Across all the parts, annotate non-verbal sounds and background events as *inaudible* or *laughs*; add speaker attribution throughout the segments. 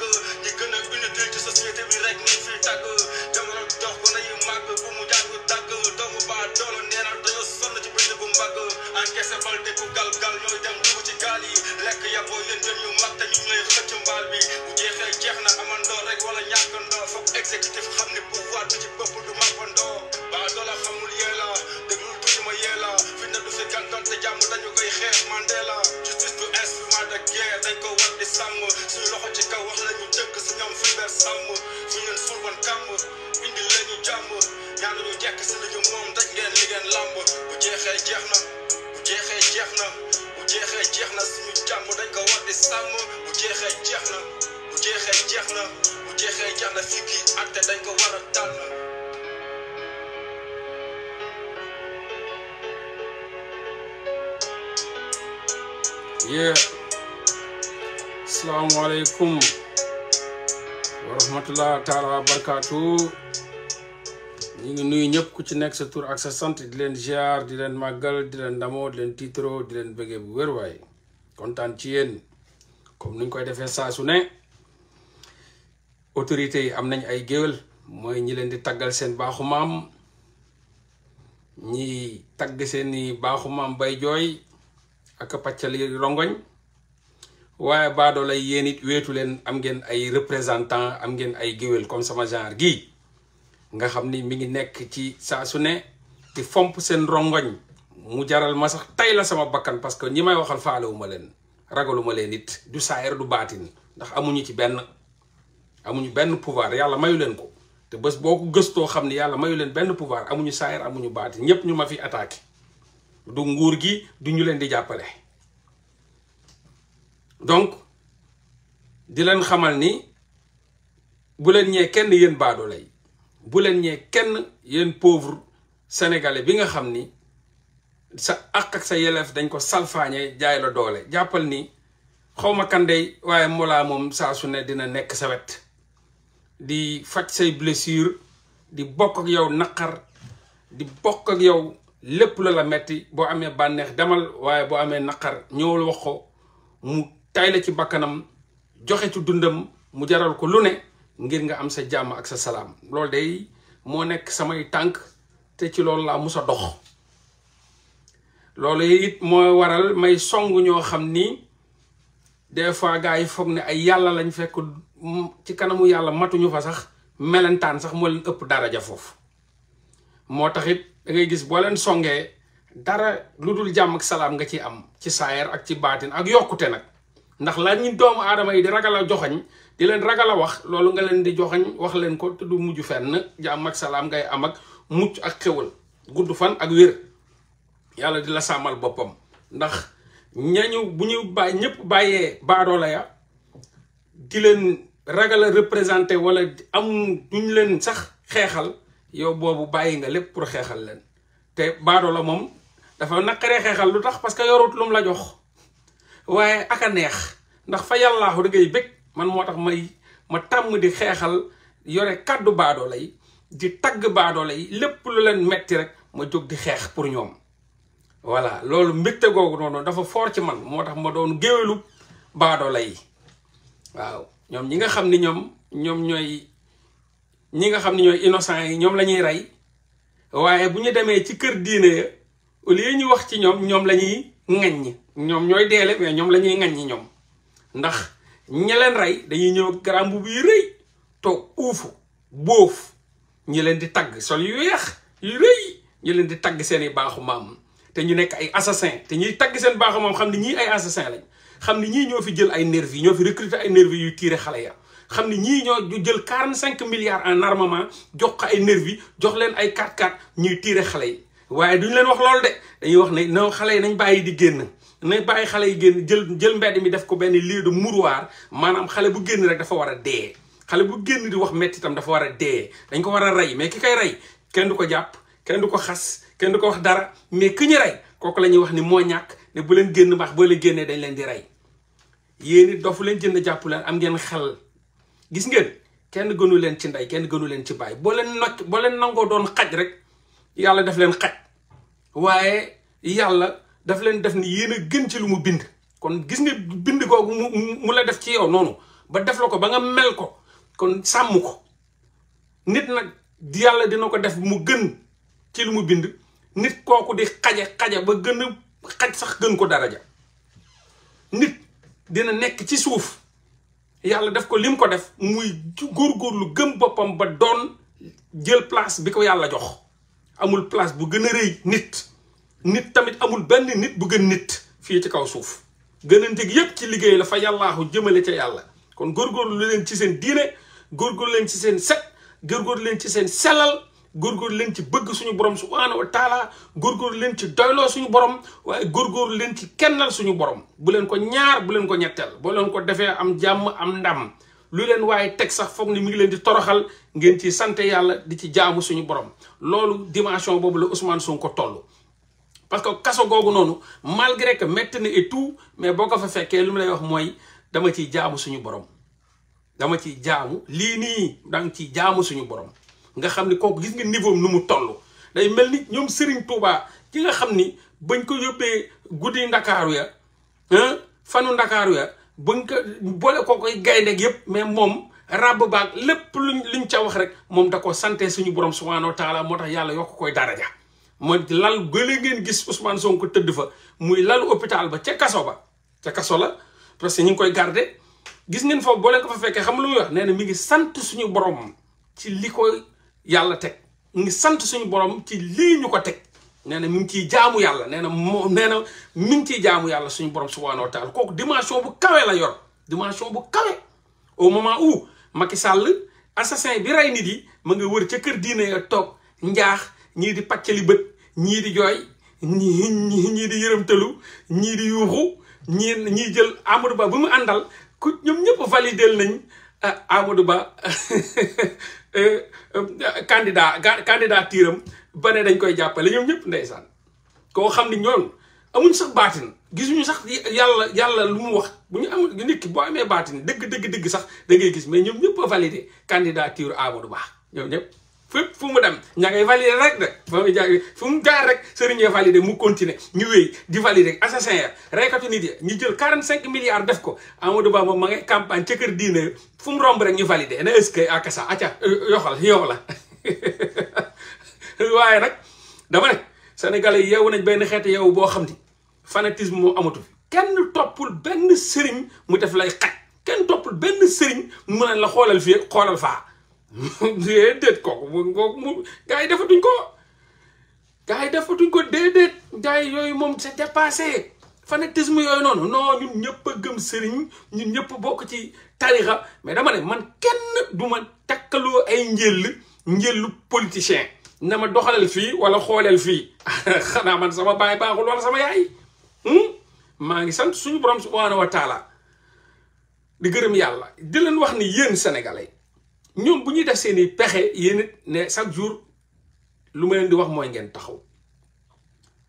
Speaker 1: yàgg di gën a unité ci société bi rek ñu fi tàgg jamono dox ko nañu màgg bu mu jàng dàgg doomu baa doonu nee na dañoo sonn ci bëj bu mbàgg encaissé a de ku gal gal ñooy dem dugg ci gaal yi lekk yàbboo yéen gën ñu mag te ñu ñooy xëcc mbaal bi bu jeexee jeex na amandoo rek wala ñàkkandoo foog exécutif xam ne pouvoir bi ci bopp du màggandoo baa doola xamul yee la déglul tuuti yee la fi ne du fi gàntoon te jàmm dañu koy xeex mandee sàmm su ngeen ful woon kàmm indi lañu jàmm ñaanu ñu jekk si li ñu moom daj ngeen li làmb bu jeexee jeex na bu jeexee jeex na bu jeexee jeex na suñu jàmm dañ ko war bu jeexee jeex na bu jeexee jeex na bu jeexee jeex na fii kii dañ ko war a tànn. yeah
Speaker 2: asalaamaaleykum wa rahmatullah taala wa barakaatu ñu ngi nuyu ñëpp ku ci nekk sa tur ak sa sant di leen ziar di leen màggal di leen ndamoo di leen tiitro di leen bëggee bu wér waaye kontaan ci yéen comme nuñ koy defee saa su ne autorité yi am nañ ay géwél mooy ñi leen di tàggal seen baaxu maam ñi tagg seeni baaxu maam bay jooy ak pàccal yi rongoñ waaye baadoola yéen it weetu leen am ngeen ay représentant am ngeen ay géwél comme sama genre gii nga xam ni mi ngi nekk ci saa su ne di fomp seen rongoñ mu jaral ma sax tey la sama bakkan parce que ñi may waxal faalewuma leen ragaluma leen it du saayir du baatin ndax amuñu ci benn amuñu benn pouvoir yàlla mayu leen ko te bés boo ko gëstoo xam ni yàlla mayu leen benn pouvoir amuñu saayir amuñu baatin ñépp ñu ma fi attaqué du nguur gi du ñu leen di jàppale donc di leen xamal ni bu leen ñee kenn yéen baadoolo yi bu leen ñee kenn yéen pauvre sénégalais bi nga xam ni sa àq ak sa yelleef dañ ko salfaañe jaay la doole jàppal ni xawma kandey waaye Mollah moom saa su ne dina nekk sa wet di faj say blessure di bokk ak yow naqar di bokk ak yow lépp la la metti boo amee bànneex demal waaye boo amee naqar ñëwul wax ko mu tay la ci bakkanam joxe ci dundam mu jaral ko lu ne ngir nga am sa jàmm ak sa salaam loolu day moo nekk samay tànk te ci loolu laa mus sa dox loolu it moo waral may song ñoo xam ni des fois gars yi foog ne ay yàlla lañ fekk ci kanamu yàlla matuñu fa sax melentaan sax moo leen ëpp ja foofu moo tax it da gis boo leen songee dara lu dul jàmm ak salaam nga ci am ci saayar ak ci baatin ak yokkute nag ndax la ñu doomu aadama yi di ragal a joxañ di leen ragal a wax loolu nga leen di joxañ wax leen ko te mujj fenn jàmm ak salaam ngay am ak mucc ak xewal gudd fan ak wér di la sàmmal boppam ndax ñañu bu ñu ñëpp bàyyee baadoola ya di leen ragal a représenté wala am duñ leen sax xeexal yow boobu bàyyi nga lépp pour xeexal leen te baadoola moom dafa naqaree xeexal lu tax parce que yorut lum la jox waaye aka neex ndax fa yàllaahu da ngay bëgg man moo tax may ma tàmm di xeexal yore kàddu baadoola yi di tagg baadoola yi lépp lu leen metti rek ma jóg di xeex pour ñoom voilà loolu mbégte googu noonu dafa foor ci man moo tax ma doon géwélu baadoola yi waaw ñoom ñi nga xam ni ñoom ñoom ñooy ñi nga xam ne ñooy innocent yi ñoom lañuy rey waaye bu ñu demee ci kër diine ya au lieu ñu wax ci ñoom ñoom la ñuy ŋaññi ñoom ñooy deele mais ñoom la ñuy ŋaññi ñoom ndax ñaleen rey dañuy ñëw garam bu buy rëy toog uufu bóof ñi leen di tagg sol yu weex yu rëy ñi leen di tagg seen i baaxu maam te ñu nekk ay assassin te ñuy tagg seen baaxu maam xam ni ñii ay assassin lañ xam ni ñii ñoo fi jël ay nervi ñoo fi recruter ay nervi yuy tiire xale ya xam ni ñii ñoo jël quarante cinq milliards en armement jox ko ay nervi jox leen ay 4-4 ñuy tiire xale yi waaye duñ dañuy wax ne non xale yi nañ bàyyi di génn nañ bàyyi xale yi génn jël jël mbedd mi def ko benn lii de mouroir maanaam xale bu génn rek dafa war a dee xale bu génn di wax metti itam dafa war a dee dañ ko war a rey mais ki koy rey kenn du ko jàpp kenn du ko xas kenn du ko wax dara mais ki ñu rey kooku la ñuy wax ni moo ñàkk ne bu leen génn baax boo leen génnee dañ leen di rey yéen it dofu leen jënd jàpp leen am ngeen xel gis ngeen kenn gënu leen ci ndey gënu leen ci bàyyi boo leen nocc boo leen nangoo doon xaj rek yàlla def leen xaj waaye yàlla daf leen def ni yéen a gën ci lu mu bind kon gis nga bind googu mu la def ci yow noonu ba def la ko ba nga mel ko kon sàmm ko nit nag yàlla dina ko def mu gën ci lu mu bind nit kooku di xaje xaje ba gën a xaj sax gën ko daraja nit dina nekk ci suuf yàlla def ko lim ko def muy lu gëm boppam ba doon jël place bi ko yàlla jox amul place bu gën a rëy nit nit tamit amul benn nit bu gën nit fii ci kaw suuf gënante gi yépp ci liggéey la fa yàllaahu jëmale ca yàlla kon góorgóorlu leen ci seen diine góor leen ci seen set góor leen ci seen sellal góorgóorlu leen ci bëgg suñu borom subhaanahu wa taala góorgóorlu leen ci doyloo suñu borom waaye góorgóorlu leen ci kennal suñu borom bu leen ko ñaar bu leen ko ñetteel boo leen ko defee am jàmm am ndam lu leen waaye teg sax foog ni mu ngi leen di toroxal ngeen ci sant yàlla di ci jaamu suñu borom loolu dimension boobu la Ousmane ko toll. parce que kaso googu noonu malgré que métti na et tout mais boo ko fa fekkee lu mu lay wax mooy dama ciy jaamu suñu borom dama ciy jaamu lii nii danga ciy jaamu suñu borom nga xam ni kooku gis nga niveau nu mu toll day mel ni ñoom Serigne Touba ki nga xam ni bañ ko yóbbee guddi Ndakaaru ya fanu Ndakaaru ya buñ ko boole koo koy gaynde yëpp mais moom ràbb baag lépp lu luñ ca wax rek moom da koo sante suñu borom sumaanoo taalaa moo tax yàlla yokk koy daraja mooy lal gële ngeen gis Ousmane ko tëdd fa muy lalu hôpital ba ca kaso ba ca kaso la parce que ñu ngi koy garde gis ngeen foofu boole leen ko fa fekkee xam lu muy wax nee na mi ngi sant suñu borom ci li ko yàlla teg mi ngi sant suñu borom ci lii ñu ko teg nee na mi ngi ciy jaamu yàlla nee na moo nee na mi ngi ciy jaamu yàlla suñu borom subhanahu wa taal kooku dimension bu kawe la yor dimension bu kawe au moment où Macky sàll assassin bi rey nit yi ma nga wër ca kër diine ya toog njaax ñii di pàccali bët ñii di jooy ñii ñii di yërëmtalu ñii di yuuxu ñii ñii jël Amadou Ba bu mu àndal ku ñoom ñëpp validel nañ euh, Amadou Ba *laughs* euh, euh, candidat candidat tiiram bane dañ koy jàppale ñoom ñëpp ndeysaan koo xam ni ñoom amuñ sax baatin gisuñu sax yàlla yàlla lu mu wax bu ñu amul nit ki boo amee baatin dëgg dëgg dëgg sax da ngay gis mais ñoom ñëpp a validé candidature Amadou Ba ñoom ñëpp fépp fu mu dem ña ngay validé rek de fa mu fu mu jaar rek sëriñee validé mu continuer ñu wéy di validé assassin ya reykatu nit ya ñu jël 45 milliards def ko Amadou Ba moom ma ngay campagne ca kër diine fu mu romb rek ñu validé na est-ce que akasa aca yoxal yow la *laughs* *laughs* waaye nag dama ne sénégalais yeewu nañ benn xeetu yeewu boo xam ni fanatisme moo amatu kenn toppul benn sëriñ mu def lay xaj kenn toppul benn sëriñ mu ne la xoolal fii xoolal faa *laughs* déedéet kooku mu yi defatuñ ko gars ko déedéet gars yi yooyu moom c'est dépassé fanatisme yooyu noonu noo ñun ñëpp gëm sëriñ ñun ñëpp bokk ci tarixa mais dama ne man kenn du ma takkaloo ay njëll njëlu politicien na ma doxalal fii wala xooleel fii *laughs* xanaa man sama baay baaxul wala sama yaay hmm? maa ngi sant suñu borom subhaanahu wa taala di gërëm yàlla di leen wax ni yéen sénégalais ñoom bu ñuy def seeni pexe yéen it ne chaque jour lu ma leen di wax mooy ngeen taxaw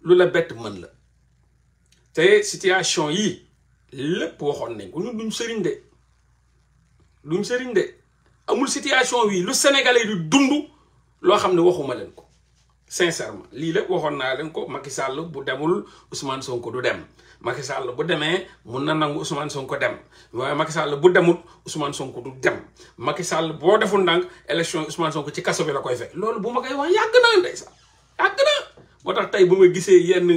Speaker 2: lu la bett mën la te situation yi lépp waxoon nañ ko ñun duñ sëriñ de luñ sëriñ de amul situation wi lu sénégalais di dund loo xam ne waxuma leen ko sincèrement lii lépp waxoon naa leen ko Macky Sall bu demul Ousmane Sonko du dem Macky Sall bu demee mun na nangu Ousmane Sonko dem waaye Macky Sall bu demut Ousmane Sonko du dem Macky Sall boo deful ndànk élection yi Ousmane ci kaso bi la koy fekk loolu bu ma koy wax yàgg naa ndeysaan yàgg naa moo tax tey bu ma gisee yenn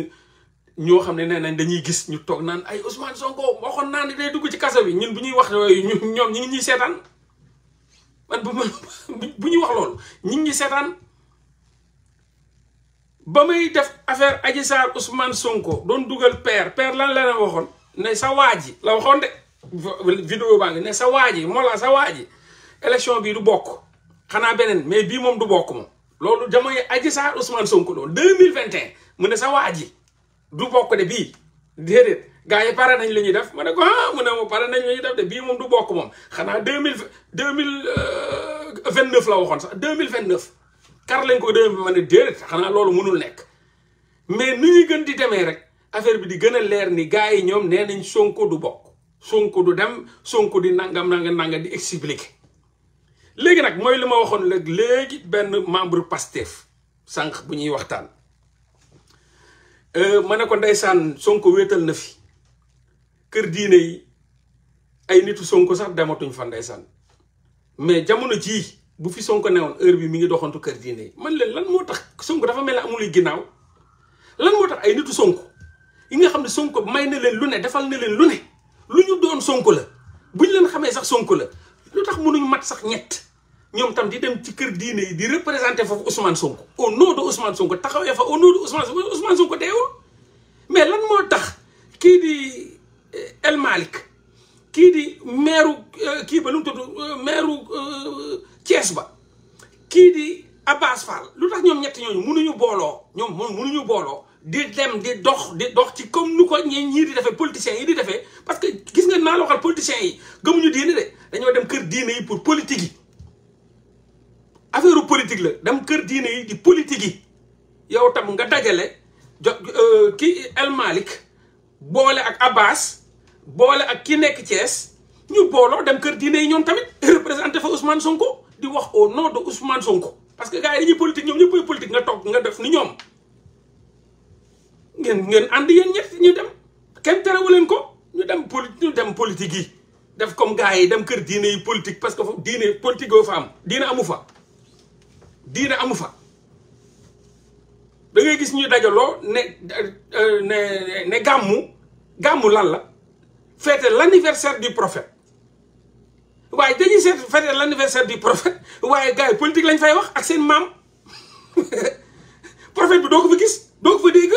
Speaker 2: ñoo xam ne nee nañ dañuy gis ñu toog naan ay Ousmane Sonko waxoon naa ne day dugg ci kaso bi ñun bu ñuy wax yooyu ñun ñoom ñu ngi ñuy seetaan. man bu bu ñuy wax loolu ñi ngi seetaan ba may def affaire Adji Sarr Ousmane Sonko doon dugal père père lan la leen waxoon ne sa waa ji la waxoon de vidéo baa ne sa waa ji moo la sa waa ji élection bii du bokk xanaa beneen mais bii moom du bokk moom loolu jamono Adji Sarr Ousmane Sonko doon deux mille vingt et mu ne sa waa ji du bokk de bii déedéet gars yi pare nañ li ñuy def ma ne ko ah mu ne ma pare nañ li ñuy def de bii moom du bokk moom xanaa deux mille deux mille euh, vingt neuf la waxoon sax deux mille vingt neuf kar lañ ko deux mille ma ne déedéet xanaa loolu mënul nekk mais ni ñuy gën di demee rek affaire bi di gën a leer ni gars yi ñoom nee nañ Sonko du bokk Sonko du dem Sonko di nangam nangam nangam di expliquer léegi nag mooy li ma waxoon léegi léegi benn membre Pastef sànq bu ñuy waxtaan euh, ma ne ko ndeysaan Sonko wéetal na fi. kër diine yi ay nitu sonk sax dematuñ fa ndeysaan mais jamono jii bu fi sonko newoon heure bi mi ngi doxantu kër diine yi man leen lan moo tax sonko dafa mel ne amuluy ginnaaw lan moo tax ay nitu sonko yi nga xam ne sonko may na leen lu ne defal na leen lu ne lu ñu doon sonk la bu ñu leen xamee sax sonk la lu tax mënuñ mat sax ñett ñoom tam di dem ci kër diine yi di représenté foofu Ousmane Sonko au nom de Ousmane Sonko taxawee fa au nom de Ousmane Sonko Ousmane Sonko deewul mais lan moo tax kii di. El kii di meeru euh, kii ba lu mu tudd euh, meeru euh, Thiès ba kii di Abbas Fall lu tax ñoom ñett ñooñu mënuñu booloo ñoom moom mënuñu booloo di dem di dox di dox ci comme nu ko ñi ñii di defee politiciens yi di defee parce que gis nga naa la waxal yi gëmuñu diine de dañoo dem kër diine yi pour politique yi affaire politique la dem kër diine yi di politique yi yow tam nga dajale jo kii boole ak Abbas boole ak ki nekk Thiès ñu booloo dem kër diine yi ñoom tamit représenté fa Ousmane Sonko di wax o nom de Ousmane Sonko parce que gars yi dañuy politique ñoom ñëppay politique nga toog nga def ni ñoom ngeen ngeen ànd yéen ñett ñu dem kenn terewu leen ko ñu dem poli dem politique yi def comme gars yi dem kër diine yi politique parce que foofu diine politique yoo fa am diine amu fa diine amu fa da ngay gis ñu dajaloo ne euh, ne gàmmu gàmmu lan la fêter l'anniversaire du prophète waaye dañuy seet fêter l'anniversaire du prophète waaye gars yi politique lañ fay wax ak seen maam *laughs* prophète bi doo ko fa gis doo ko fa dégg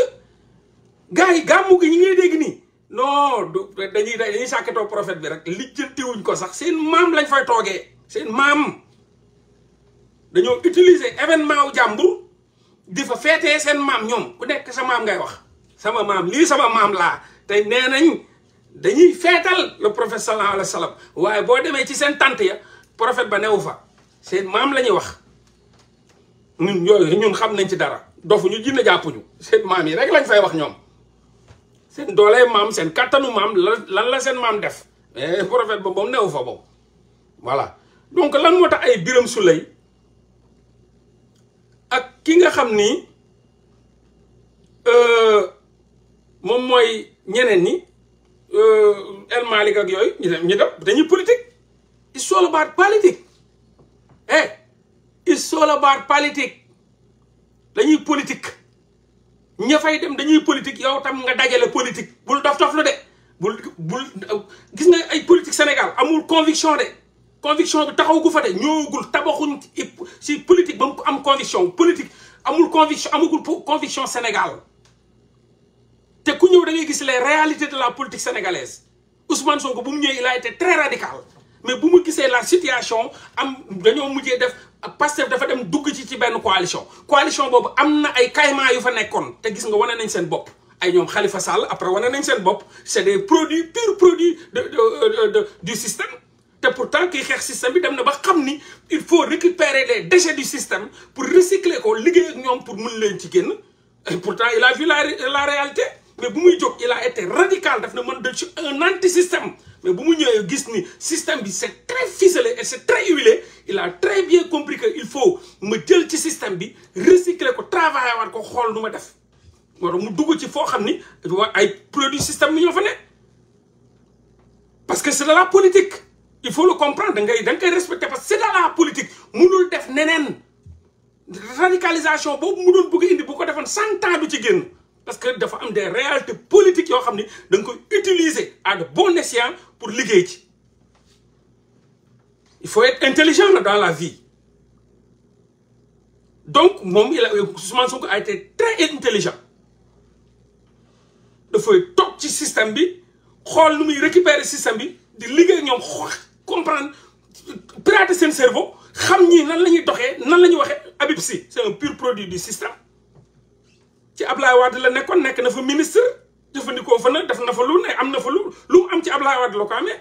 Speaker 2: gars yi gàmmu gi ñi ngay dégg nii non dañuy dañuy sàkkatoo prophète bi rek li lijjantiwuñ ko sax seen maam lañ fay toogee seen maam dañoo utiliser événement wu jàmbur di fa feetee seen maam ñoom ku nekk sa maam ngay wax sama maam lii sama maam laa tey nee nañ dañuy feetal le prophète sallallahu alayhi wa waaye boo demee ci seen tante ya prophète ba newu fa seen maam lañuy wax ñun yooyu ñun xam nañ ci dara dofuñu jinne jàppuñu seen maam yi rek lañ fay wax ñoom seen doolee maam seen kattanu maam lan la seen maam def mais eh, prophète ba moom newu fa boobu voilà donc lan moo tax ay biram suley ak ki nga xam ni euh, moom mooy ñeneen ñi Euh, El Malick ak yooyu ñu dem ñu dem dañuy politique it's all about politique eh it's politique dañuy politique ña fay dem dañuy politique yow tam nga dajale politique bul dof dof lu de bul bul gis nga ay politique Sénégal amul conviction de conviction bi taxaw gu fa de ñëwagul tabaxuñ si politique ba mu am conviction politique amul conviction amagul conviction Sénégal te ku ñëw da gis les réalités de la politique sénégalaise Ousmane Sonko bu mu ñëwee la a été très radical mais bu mu gisee la situation am dañoo mujjee def Pastef dafa dem dugg ci ci benn coalition. coalition boobu am na ay caïman yu fa nekkoon te gis nga wane nañ seen bopp ay ñoom xalifa Sall après wane nañ seen bopp c'est des produits purs produits de de du système. te pourtant kiy xeex système bi dem na ba xam ni il faut récupérer les déchets du système pour recycler ko liggéey ak ñoom pour mën leen ci génn et pourtant il a la la réalité. mais bu muy jóg il a été radical daf na man def ci un anti système mais bu mu ñëwee gis ni système bi c' est très ficelé et c' est très huilé il a très bien compris il faut ma jël ci système bi recycler ko travailler waat ko xool nu ma def. moo tax mu dugg ci foo xam ni ay produit système bi ñoo fa ne parce que c' est de la politique il faut le comprendre da ngay da nga koy respecté parce que c' est de la politique mënul def neneen radicalisation boobu mu doon bëgg indi bu ko defoon cent ans du ci parce que dafa am des réalités politique yoo xam ni da nga koy utiliser à de bon escient pour liggéey ci il faut être intelligent là dans la vie donc moom il a Ousmane Sonko a été très intelligent dafay toog ci système bi xool nu muy récupérer système bi di liggéey ñoom comprendre pirater seen cerveau xam ñii nan la ñuy doxee nan la ñuy waxee Habib Sy c'est un pur produit du système ci Ablaye Wade la nekkoon nekk na fa ministre jëfandikoo fa na def na fa lu ne am na fa lu lu mu am ci Ablaye Wade la ko amee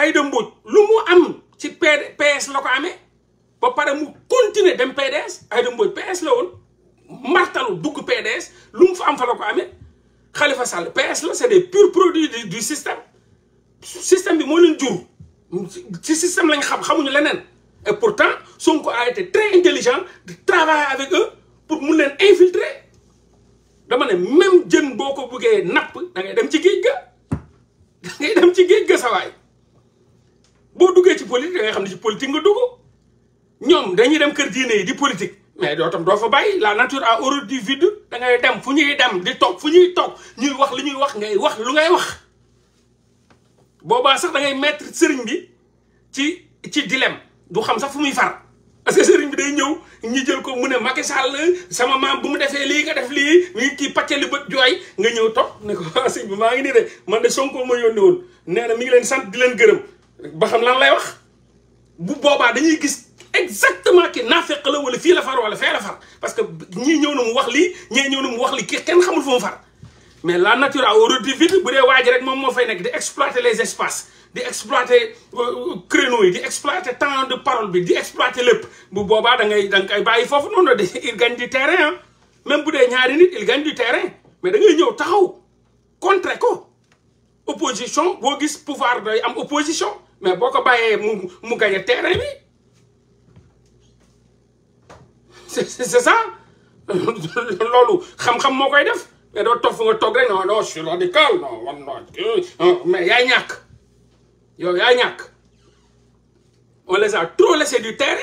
Speaker 2: Aïda Mbodj mu am ci p la ko amee ba pare mu continuer dem PDS Aïda Mbodj PS la woon martalu dugg PDS lu mu fa am fa la ko amee Khalifa Sall PS la c'est des purs produits du système système bi moo leen jur ci système lañ xam xamuñu leneen Et pourtant, Sonko a été très intelligent de travailler avec eux pour mu leen infiltrer dama ne même jën boo ko buggee napp da ngay dem ci géej ga da dem ci géej ga sawaay boo duggee ci politique da ngay xam ne ci politique nga dugg ñoom dañuy dem kër diine yi di politique mais doo tam doo fa bàyyi la nature a horreur du vide da ngay dem fu ñuy dem di toog fu ñuy toog ñuy wax li ñuy wax ngay wax lu ngay wax boobaa sax da ngay mettre sëriñ bi ci ci dilemme du xam sax fu muy far parce que sëriñ bi day ñëw ñi jël ko mu ne Macky Sall sama maam bu mu defee lii nga def lii ñu kii pàccali bët jooy nga ñëw topp ne ko ah, sëñ bi maa ngi nii rek man de Sonko ma yónni woon nee na mi ngi leen sant di leen gërëm ba xam lan lay wax bu boobaa dañuy gis exactement ki naafeq la wala fii la far wala fee la far parce que ñii ñëw na mu wax lii ñee ñëw na mu wax lii kii kenn xamul fu mu far mais la nature a horreur du bu dee waa ji rek moom moo fay nekk di exploiter les espaces di exploiter euh, euh, créneaux yi di exploiter temps de parole bi di exploiter lépp bu boobaa dangay ngay da bàyyi foofu noonu de *laughs* il gagne du terrain bu dee ñaari nit il gagne du terrain mais da ngay ñëw taxaw contre ko opposition boo gis pouvoir day am opposition mais boo ko bàyyee mu mu gagne terrain bi c'est ça *laughs* loolu xam-xam moo koy def mais eh, doo toog fu nga toog rek non non je suis radical non wan non mais yaa ñàkk yow yaa ñàkk on les a trop laissé du terrain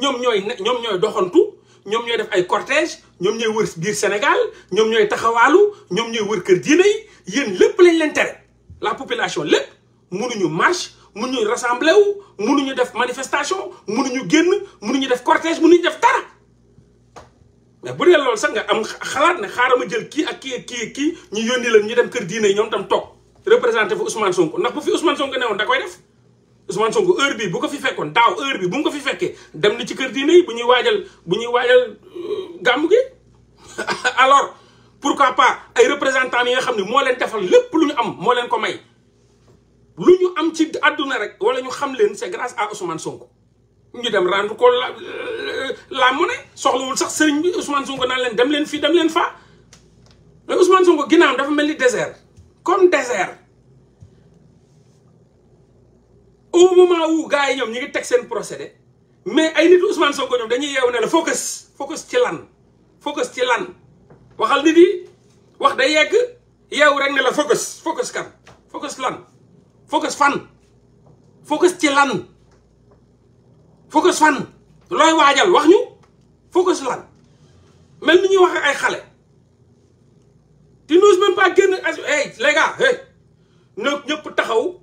Speaker 2: ñoom ñooy ñoom ñooy doxantu ñoom ñooy def ay cortège ñoom ñooy wër biir Sénégal ñoom ñooy taxawaalu ñoom ñooy wër kër diine yi yéen lépp lañ leen tere la population lépp mënuñu marche mënuñu rassemblé wu mënuñu def manifestation mënuñu génn mënuñu def cortège mënuñu def dara mais bu dee lool sax nga am xalaat ne xaaral ma jël kii ak kii ak kii kii ñu yónni leen ñu dem kër diine yi ñoom tam toog représenté fa Ousmane Sonko ndax bu fi Ousmane Sonko newoon da koy def Ousmane Sonko heure bii bu ko fi fekkoon daaw heure bi bu fi fekkee dem na ci kër diine yi bu ñuy waajal bu ñuy waajal euh, gàmmu gi *laughs* alors pourquoi pas ay représentants yi nga xam ne moo leen defal lépp lu ñu am moo leen ko may lu ñu am ci àdduna rek wala ñu xam leen c'est grâce à Ousmane Sonko ñu dem rendre ko euh, laa mu ne soxlawul sax sëriñ bi Ousmane Sonko naan leen dem leen fii dem leen fa mais Ousmane Sonko ginnaaw dafa mel ni désert comme désert au moment où gars yi ñoom ñu ngi teg seen procédé mais ay nit Ousmane Sonko ñoom dañuy yeewu ne la focus focus ci lan focus ci lan waxal nit yi wax day yegg yeewu rek ne la focus focus kan focus fan focus ci lan focus fan looy waajal wax ñu focus lan mel ni ñuy wax ay xale ti nous même pas génn as hey les gars hey ñëpp taxaw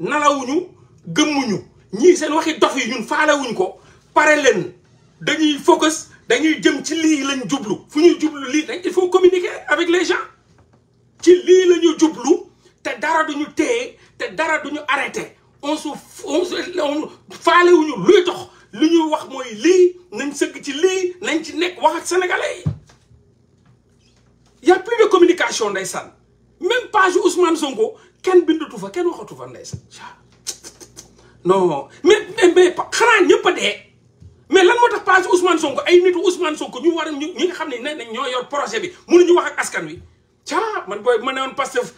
Speaker 2: nalawuñu gëmmuñu ñii seen waxi dof yi ñun faalewuñ ko pare leen dañuy focus dañuy jëm ci lii lañ jublu fu ñu jublu lii dañ il faut communiquer avec les gens ci lii la jublu te dara duñu téye te dara duñu arrêté on se on faale luy dox li ñuy wax mooy lii nañ sëgg ci lii nañ ci nekk wax ak sénégalais yi y' plus de communication ndeysaan même page Ousmane Sonko kenn bindatu fa kenn waxatu fa ndeysaan non mais mais mais xanaa ñëpp a dee mais lan moo tax page Ousmane Sonko ay nitu war a ñu ñi nga xam ne ne nañ ñoo yor projet bi mënuñu wax ak askan wi caa man booy bu ma ne woon Pastef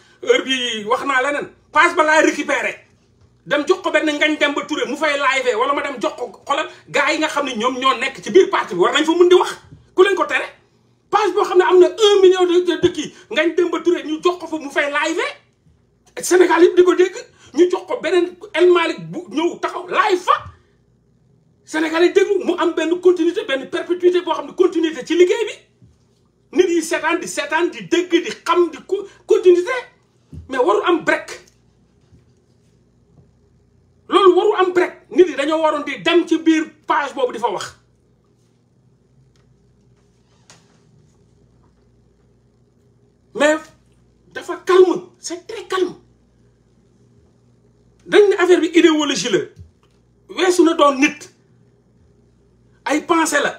Speaker 2: wax naa leneen page ba laay récupérer dem jox ko benn ngañ dem ba Touré mu fay live wala ma dem jox ko xoolal gars yi nga xam ne ñoom ñoo nekk ci biir parti bi war nañ fa mun di wax ku leen ko tere page boo xam ne am na un million de dëkk yi ngañ dem ba Touré ñu jox ko fa mu fay live Sénégal yëpp di ko dégg ñu jox ko beneen El Malick bu ñëw taxaw live fa Sénégal yi déglu mu am benn continuité benn perpétuité boo xam ne continuité ci liggéey bi nit yi seetaan di seetaan di dégg di xam di continuité mais waru am break am break nit yi dañoo waroon di dem ci biir page boobu di fa wax mais dafa calme c'est très calme dañ ne affaire bi idéologie la weesu na doon nit ay pensée la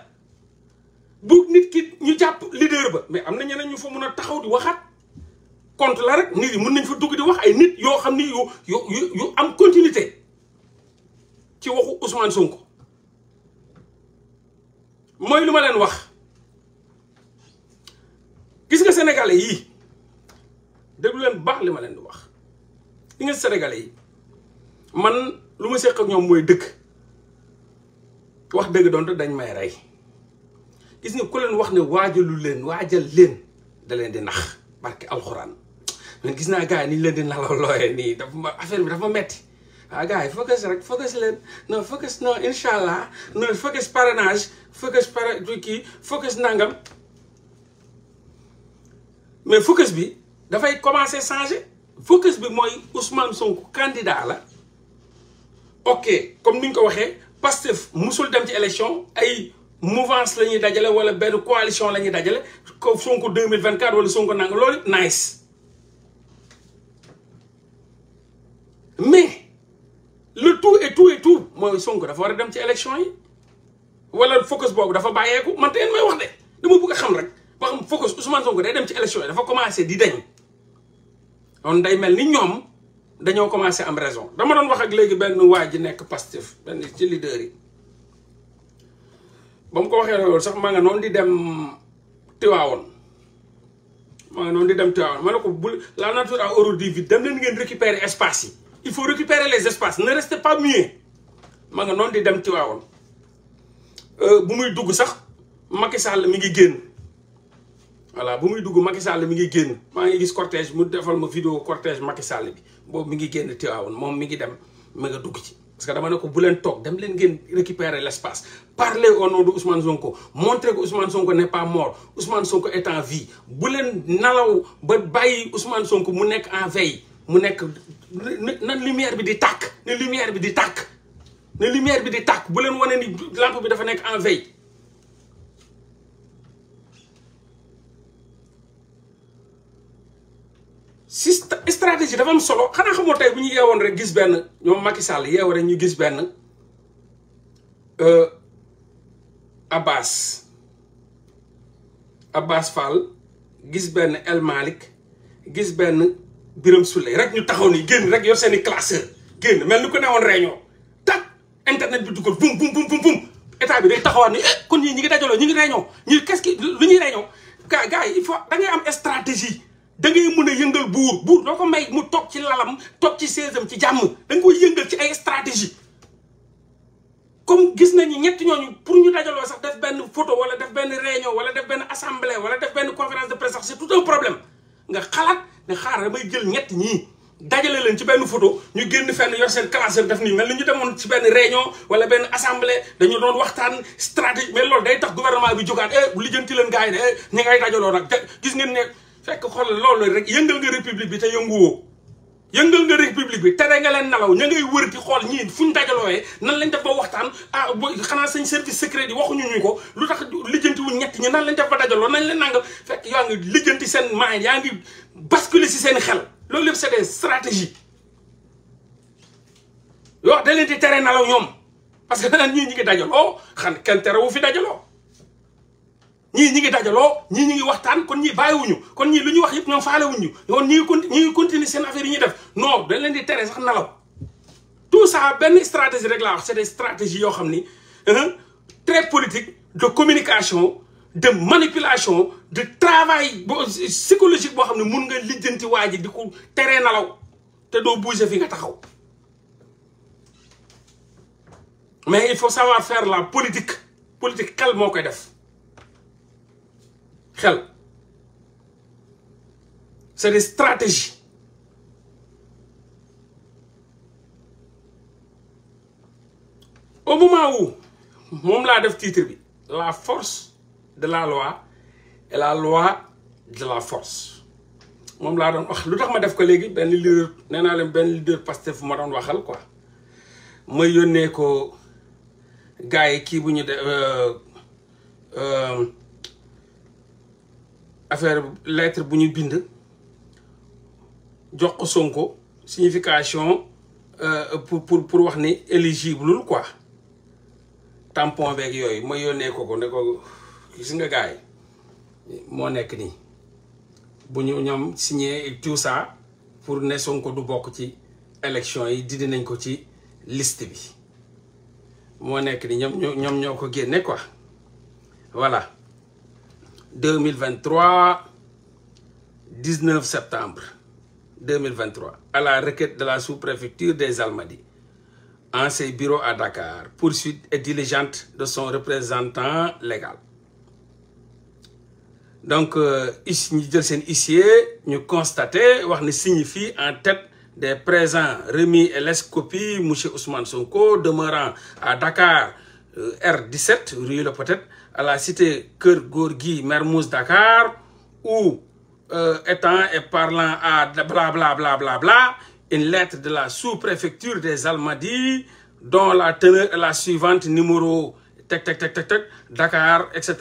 Speaker 2: bu nit ki ñu jàpp leader ba mais am na ñeneen ñu fa mun a taxaw di waxaat contre la rek nit yi mun nañ fa dugg di wax ay nit yoo xam ni yu yu yu am continuité ci waxu Ousmane Sonko mooy lu ma leen wax gis nga sénégalais yi déglu leen baax li ma leen di wax li nga sénégalais yi man lu ma seq ñoom mooy dëkk wax dëgg doonte dañ may rey gis nga ku leen wax ne waajalu leen waajal leen da leen di nax barke alxuraan man gis naa gars yi ni ñu leen di nalaw looyee nii dafa ma affaire bi dafa ma metti ah gars yi focus rek focus leen non focus non incha allah non focus parrainage focus para kii nangam mais focus bi dafay commencer changer focus bi mooy Ousmane Sonko candidat la ok comme ni ñu ko waxee Pastef musul dem ci élection ay mouvance la dajale wala benn coalition la ñuy dajale ko Sonko 2024 wala Sonko nangam loolu nice mais. le tout et tout et tout mooy Sonko dafa war a dem ci élection yi wala focus boobu dafa bàyyeeku man te yéen may wax de dama bëgg a xam rek ba xam focus Ousmane Sonko day dem ci élection yi dafa commencé di dañ noonu day mel ni ñoom dañoo commencé am raison dama doon wax ak léegi benn waa ji nekk Pastef benn ci leader yi ba mu ko waxee loolu sax maa nga noon di dem Tiwaawoon maa nga noonu di dem Tiwaawoon ma ne ko bu la nature a horreur du vide dem leen ngeen récupérer espace yi il faut récupérer les espaces ne restez pas muet ma nga noonu di dem Tiwaawoon euh, bu muy dugg sax Macky Sall mi ngi génn voilà bu muy dugg Macky Sall mi ngi génn maa ngi gis cortège mu defal ma vidéo cortège Macky Sall bi boobu mi ngi génn Tiwaawoon moom mi ngi dem ma nga dugg ci. parce que dama ne ko bu leen toog dem leen génn récupérer l' espace parler au nom de Ousmane Sonko montrer que Ousmane Sonko n' est pas mort Ousmane Sonko est en vie bu leen nalaw ba bàyyi Ousmane Sonko mu nekk en veille mu nekk na lumière bi di tàkk na lumière bi di tàkk na lumière bi di tàkk bu leen wane ni lampe bi dafa nekk en veille si stratégie dafa am solo xanaa xamoo tey bu ñu yeewoon rek gis benn ñoom Macky Sall yeew rek ñu gis benn euh, Abbas Abbas Fall gis benn El Malick gis benn biram Souley rek ñu taxaw ni génn rek yor seen i classeur génn mel ni ku newoon réunion tak internet bi duggal bum bum bum bum état bi day taxawaat ni eh kon ñii ñi ngi dajaloo ñi ngi réunion ñi qu'est-ce lu ñuy réunion gars gars yi il faut da am stratégie da mun a yëngal buur buur doo ko may mu toog ci lalam toog ci seesam ci jàmm da nga koy yëngal ci ay stratégie comme gis nañu ñetti ñooñu pour ñu dajaloo sax def benn photo wala def benn réunion wala def benn assemblée wala def benn conférence de presse sax c'est nga xalaat ne xaaral damay jël ñett ñii dajale leen ci benn photo ñu génn fenn yor seen classeur def nii mel ni ñu demoon ci benn réunion wala benn assemblée dañu doon waxtaan stratégie mais loolu day tax gouvernement bi jógaat eh lijjanti leen gars yi de eh, ñi ngay dajaloo nag gis ngeen ne fekk xool loolu rek yëngal nga république bi te yënguwoo yëngal nga république bi tere nga leen nelaw ña ngay wër di xool ñii fu ñu dajalooyee nan lañ def ba waxtaan ah xanaa sañ service secret yi waxuñu ñu ko lu tax lijjanti wu ñett ñi nan lañ def ba dajaloo nañ leen nanga fekk yaa ngi lijjanti seen maay yaa ngi basculer si seeni xel loolu lépp c'est des stratégies yoo da leen di tere nelaw ñoom parce que ñu *laughs* ñii ñi ngi dajaloo xan kenn tere wu fi dajaloo ñii ñi ngi dajaloo ñii ñi ngi waxtaan kon ñii bàyyiwuñu kon ñii lu ñu wax yëpp ñoom faalewuñu yoon ñi ngi ñi ngi continuer seen affaire yi ñuy def non dañ leen di tere sax nalaw tout ça benn stratégie rek laa wax c'est des yoo xam ni très politique de communication de manipulation de travail psychologique boo xam ne mun nga lijjanti waa ji di ko teree nalaw te doo bouger fi nga taxaw mais il faut savoir faire la politique politique xel moo koy def xel c'est des stratégies au moom laa def titre bi la force de la loi et la loi de la force moom laa doon wax lu tax ma def ko léegi benn leader nee naa leen benn leader Pastef fu ma doon waxal ko ma yónnee ko gars yi kii bu ñu de euh, euh, affaire lettre bu ñu bind jox ko Sonko signification euh, pour pour pour wax ni éligible lul quoi tampon beeg yooyu ma yónnee ko ko ne ko gis nga gars moo nekk nii bu ñu ñoom signé tout pour ne Sonko du bokk ci élection yi dindi nañ ko ci list bi moo nekk ni ñoom ñoo ko génne quoi voilà 2023 19 septembre 2023 à la requête de la sous-préfecture des Almadies en ses bureaux à Dakar poursuite et diligente de son représentant légal donc euh, ici ñu jël seen huissier ñu constaté wax ne signifie en tête des présents remis et laisse copie monsieur Ousmane Sonko demeurant à Dakar euh, R17 rue Le Potet à la cité Kër Gorgui Mermoz Dakar où euh, étant et parlant à blablabla bla, bla, bla, une lettre de la sous-préfecture des Almadies dont la teneur la suivante numéro tac tac tac tac Dakar etc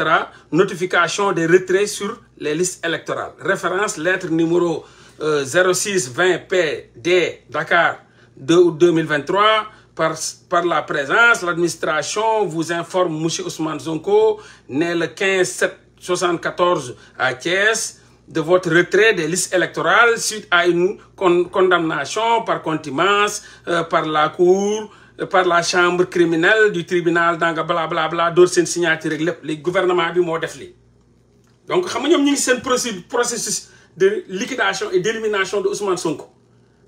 Speaker 2: notification des retraits sur les listes électorales référence lettre numéro euh, 06 20 PD Dakar 2 août 2023 par, par la présence, l'administration vous informe M. Ousmane Zonko, né la 15-7-74 à Thiès, de votre retrait des listes électorales suite à une con condamnation par contimence euh, par la Cour, euh, par la chambre criminelle du tribunal danga blablabla door seen signature ak lépp léegi gouvernement bi moo def lii donc xam nga ñoom ñu ngi seen processus de liquidation et d'élimination de Ousmane Sonko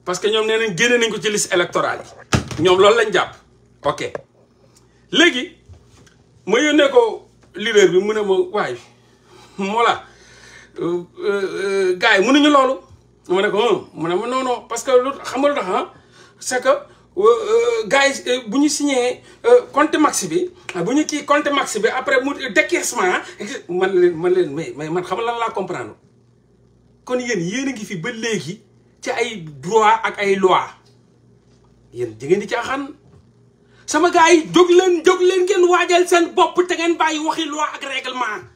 Speaker 2: parce que ñoom nee nañ génne nañ ko ci liste électorale ñoom loolu lañ jàpp ok léegi ma yónnee ko leader bi mun ne ma waay Mollah euh, euh, euh, gars yi mun loolu ma ne ko mu ne ma non non parce que lu xam nga lu tax ah c'est que gars yi bu ñu signé compte max bi bu ñu kii compte max bi après mu décaissement ah, man leen man leen mais mais man xam lan laa comprendre kon yéen yéen a ngi fi ba léegi ci ay droit ak ay loi yéen di ngeen di caaxaan sama gars yi jóg leen jóg leen waajal seen bopp te ngeen bàyyi waxi loi ak règlement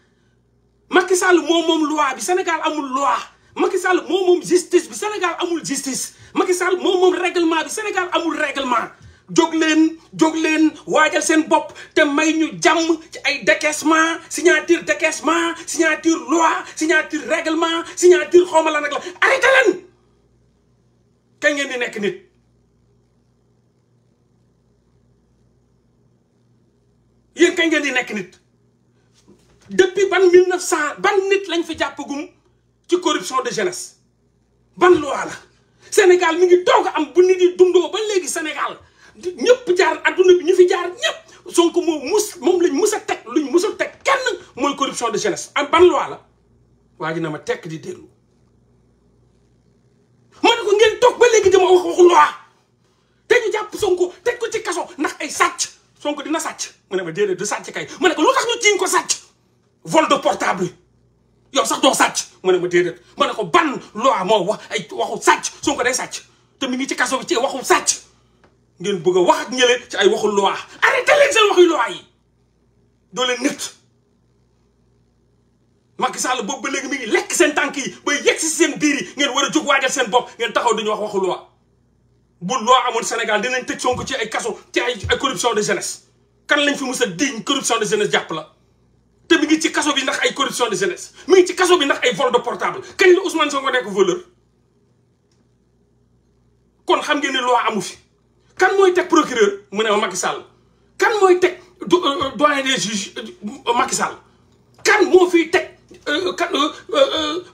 Speaker 2: Macky Sall moom moom loi bi Sénégal amul loi Macky Sall moom moom justice bi Sénégal amul justice Macky Sall moom moom bi Sénégal amul règlement jóg leen jóg leen waajal seen bopp te may ñu jàmm ci ay décaissement signature décaissement signature loi signature règlement signature xawma la nag la arrêté leen kañ ngeen nekk nit yéen kañ ngeen di nekk nit depuis ban 1900 ban nit lañ fi jàppagum ci corruption de jeunesse ban loi la Sénégal mi ngi toog am bu nit yi dundoo ba léegi Sénégal ñëpp jaar adduna bi ñu fi jaar ñëpp Sonko moo mus moom lañ mus a teg luñ mus a teg kenn mooy corruption de jeunesse ak ban loi la waa ji na ma tekk di déglu ma ne ko ngeen toog ba léegi dama wax waxu loi te ñu jàpp Sonko teg ko ci kaso ndax ay sàcc Sonko dina sàcc mu ne ma déedéet du sàcc kay mu ne ko lu tax ñu jiñ ko sàcc vol de portable yow sax doo sàcc mu ne ma déedéet ma ne ko ban loi moo wax ay waxu sàcc ko day sàcc te mi ngi ci kaso bi ci waxu sàcc ngeen bëgg a wax ak ñële ci ay waxu loi arrêté leen seen waxu loi yi doo leen nit Macky Sall boobu ba léegi mi ngi lekk seen tànk yi bay yegg si seen biir yi ngeen war a jóg waajal seen bopp ngeen taxaw dañu wax waxu bu loo amoon Sénégal dinañ tëj Sonko ci ay caso ci ay ay corruption de jeunesse kan lañ fi mus a diñ corruption de jeunesse jàpp la te mu ngi ci kaso bi ndax ay corruption de jeunesse mi ngi ci kaso bi ndax ay vol de portable kañ la Ousmane Sonko nekk voleur kon xam ngeen ne loi amu fi kan mooy teg procureur mu ne ma Macky Sall kan mooy teg euh, euh, doyen des juges euh, Macky Sall kan moo fiy teg kan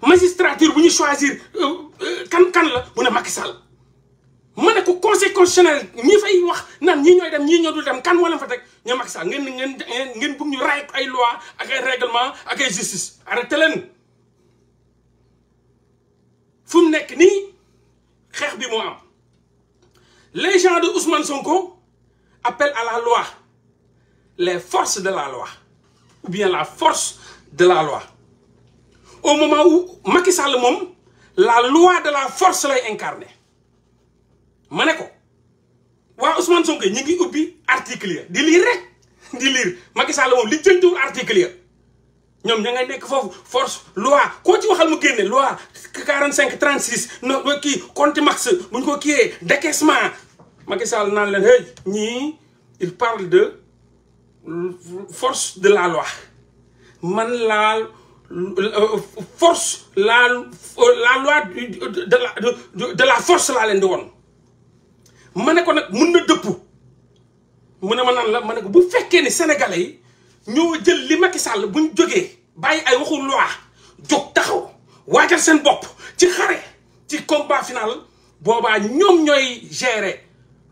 Speaker 2: magistrature bu ñu choisir kan kan la mu ne Macky Sall ma ne ko conseil constitutionnel ñi fay wax naan ñii ñooy dem ñii ñoo dul dem kan moo leen fa teg ñoom ak sax ngeen ngeen ngeen bëgg ñu raay ay loi ak ay règlement ak ay justice arrêté leen fu nekk nii xeex bi moo am les gens de ousman Sonko appellent à la loi les forces de la loi ou bien la force de la loi au moment où Macky moom la loi de la force lay incarné ma ne ko waa Ousmane Sonko ñu ngi ubbi article ya di lire rek di lire Macky Sall moom li jëntuwul article ya ñoom ña ngay nekk foofu force loi koo ci waxal mu génne loi 45 36 no kii compte max bu ñu ko kiiyee décaissement Macky Sall naan leen hey ñii il parle de force de la loi man laa force la la loi de la de la force laa leen di woon ma ne ko nag mun na dëpp mu ne ma nan la ma ne ko bu fekkee ni sénégalais yi ñoo jël li Macky Sall ñu jógee bàyyi ay waxul loi jóg taxaw waajal seen bopp ci xare ci combat final boobaa ñoom ñooy gérer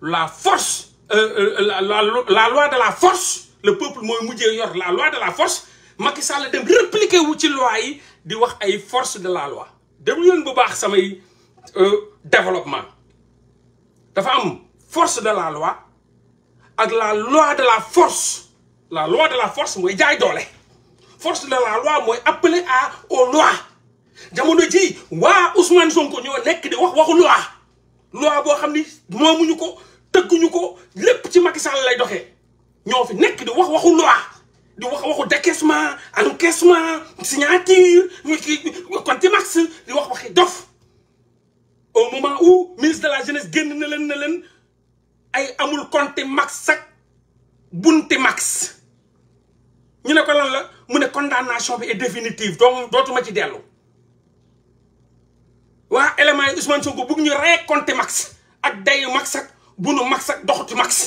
Speaker 2: la force euh, euh, la la loi de la force le peuple mooy mujjee yor la loi de la force Macky Sall dem répliquer wu ci loi yi di wax ay force de la loi déglu leen bu baax samay euh, développement dafa am force de la loi ak la loi de la force la loi de la force mooy jaay doole force de la loi mooy appelé à aux lois jamono ji waa Ousmane Sonko ñoo nekk di wax waxu loi loi boo xam ni moomuñu ko tëgguñu ko lépp ci Macky Sall lay doxee ñoo fi nekk di wax waxu loi di wax waxu décaissement encaissement signature ci max di wax waxi dof au moment où ministre de la jeunesse génn na leen na leen ay amul compte max ak bunte max ñu ne ko lan la mu ne condamnation bi et définitive doo dootuma ci dellu waa élément yi Ousmane Sonko bugg ñu rey compte max ak dayu max ak bunu max ak doxuti max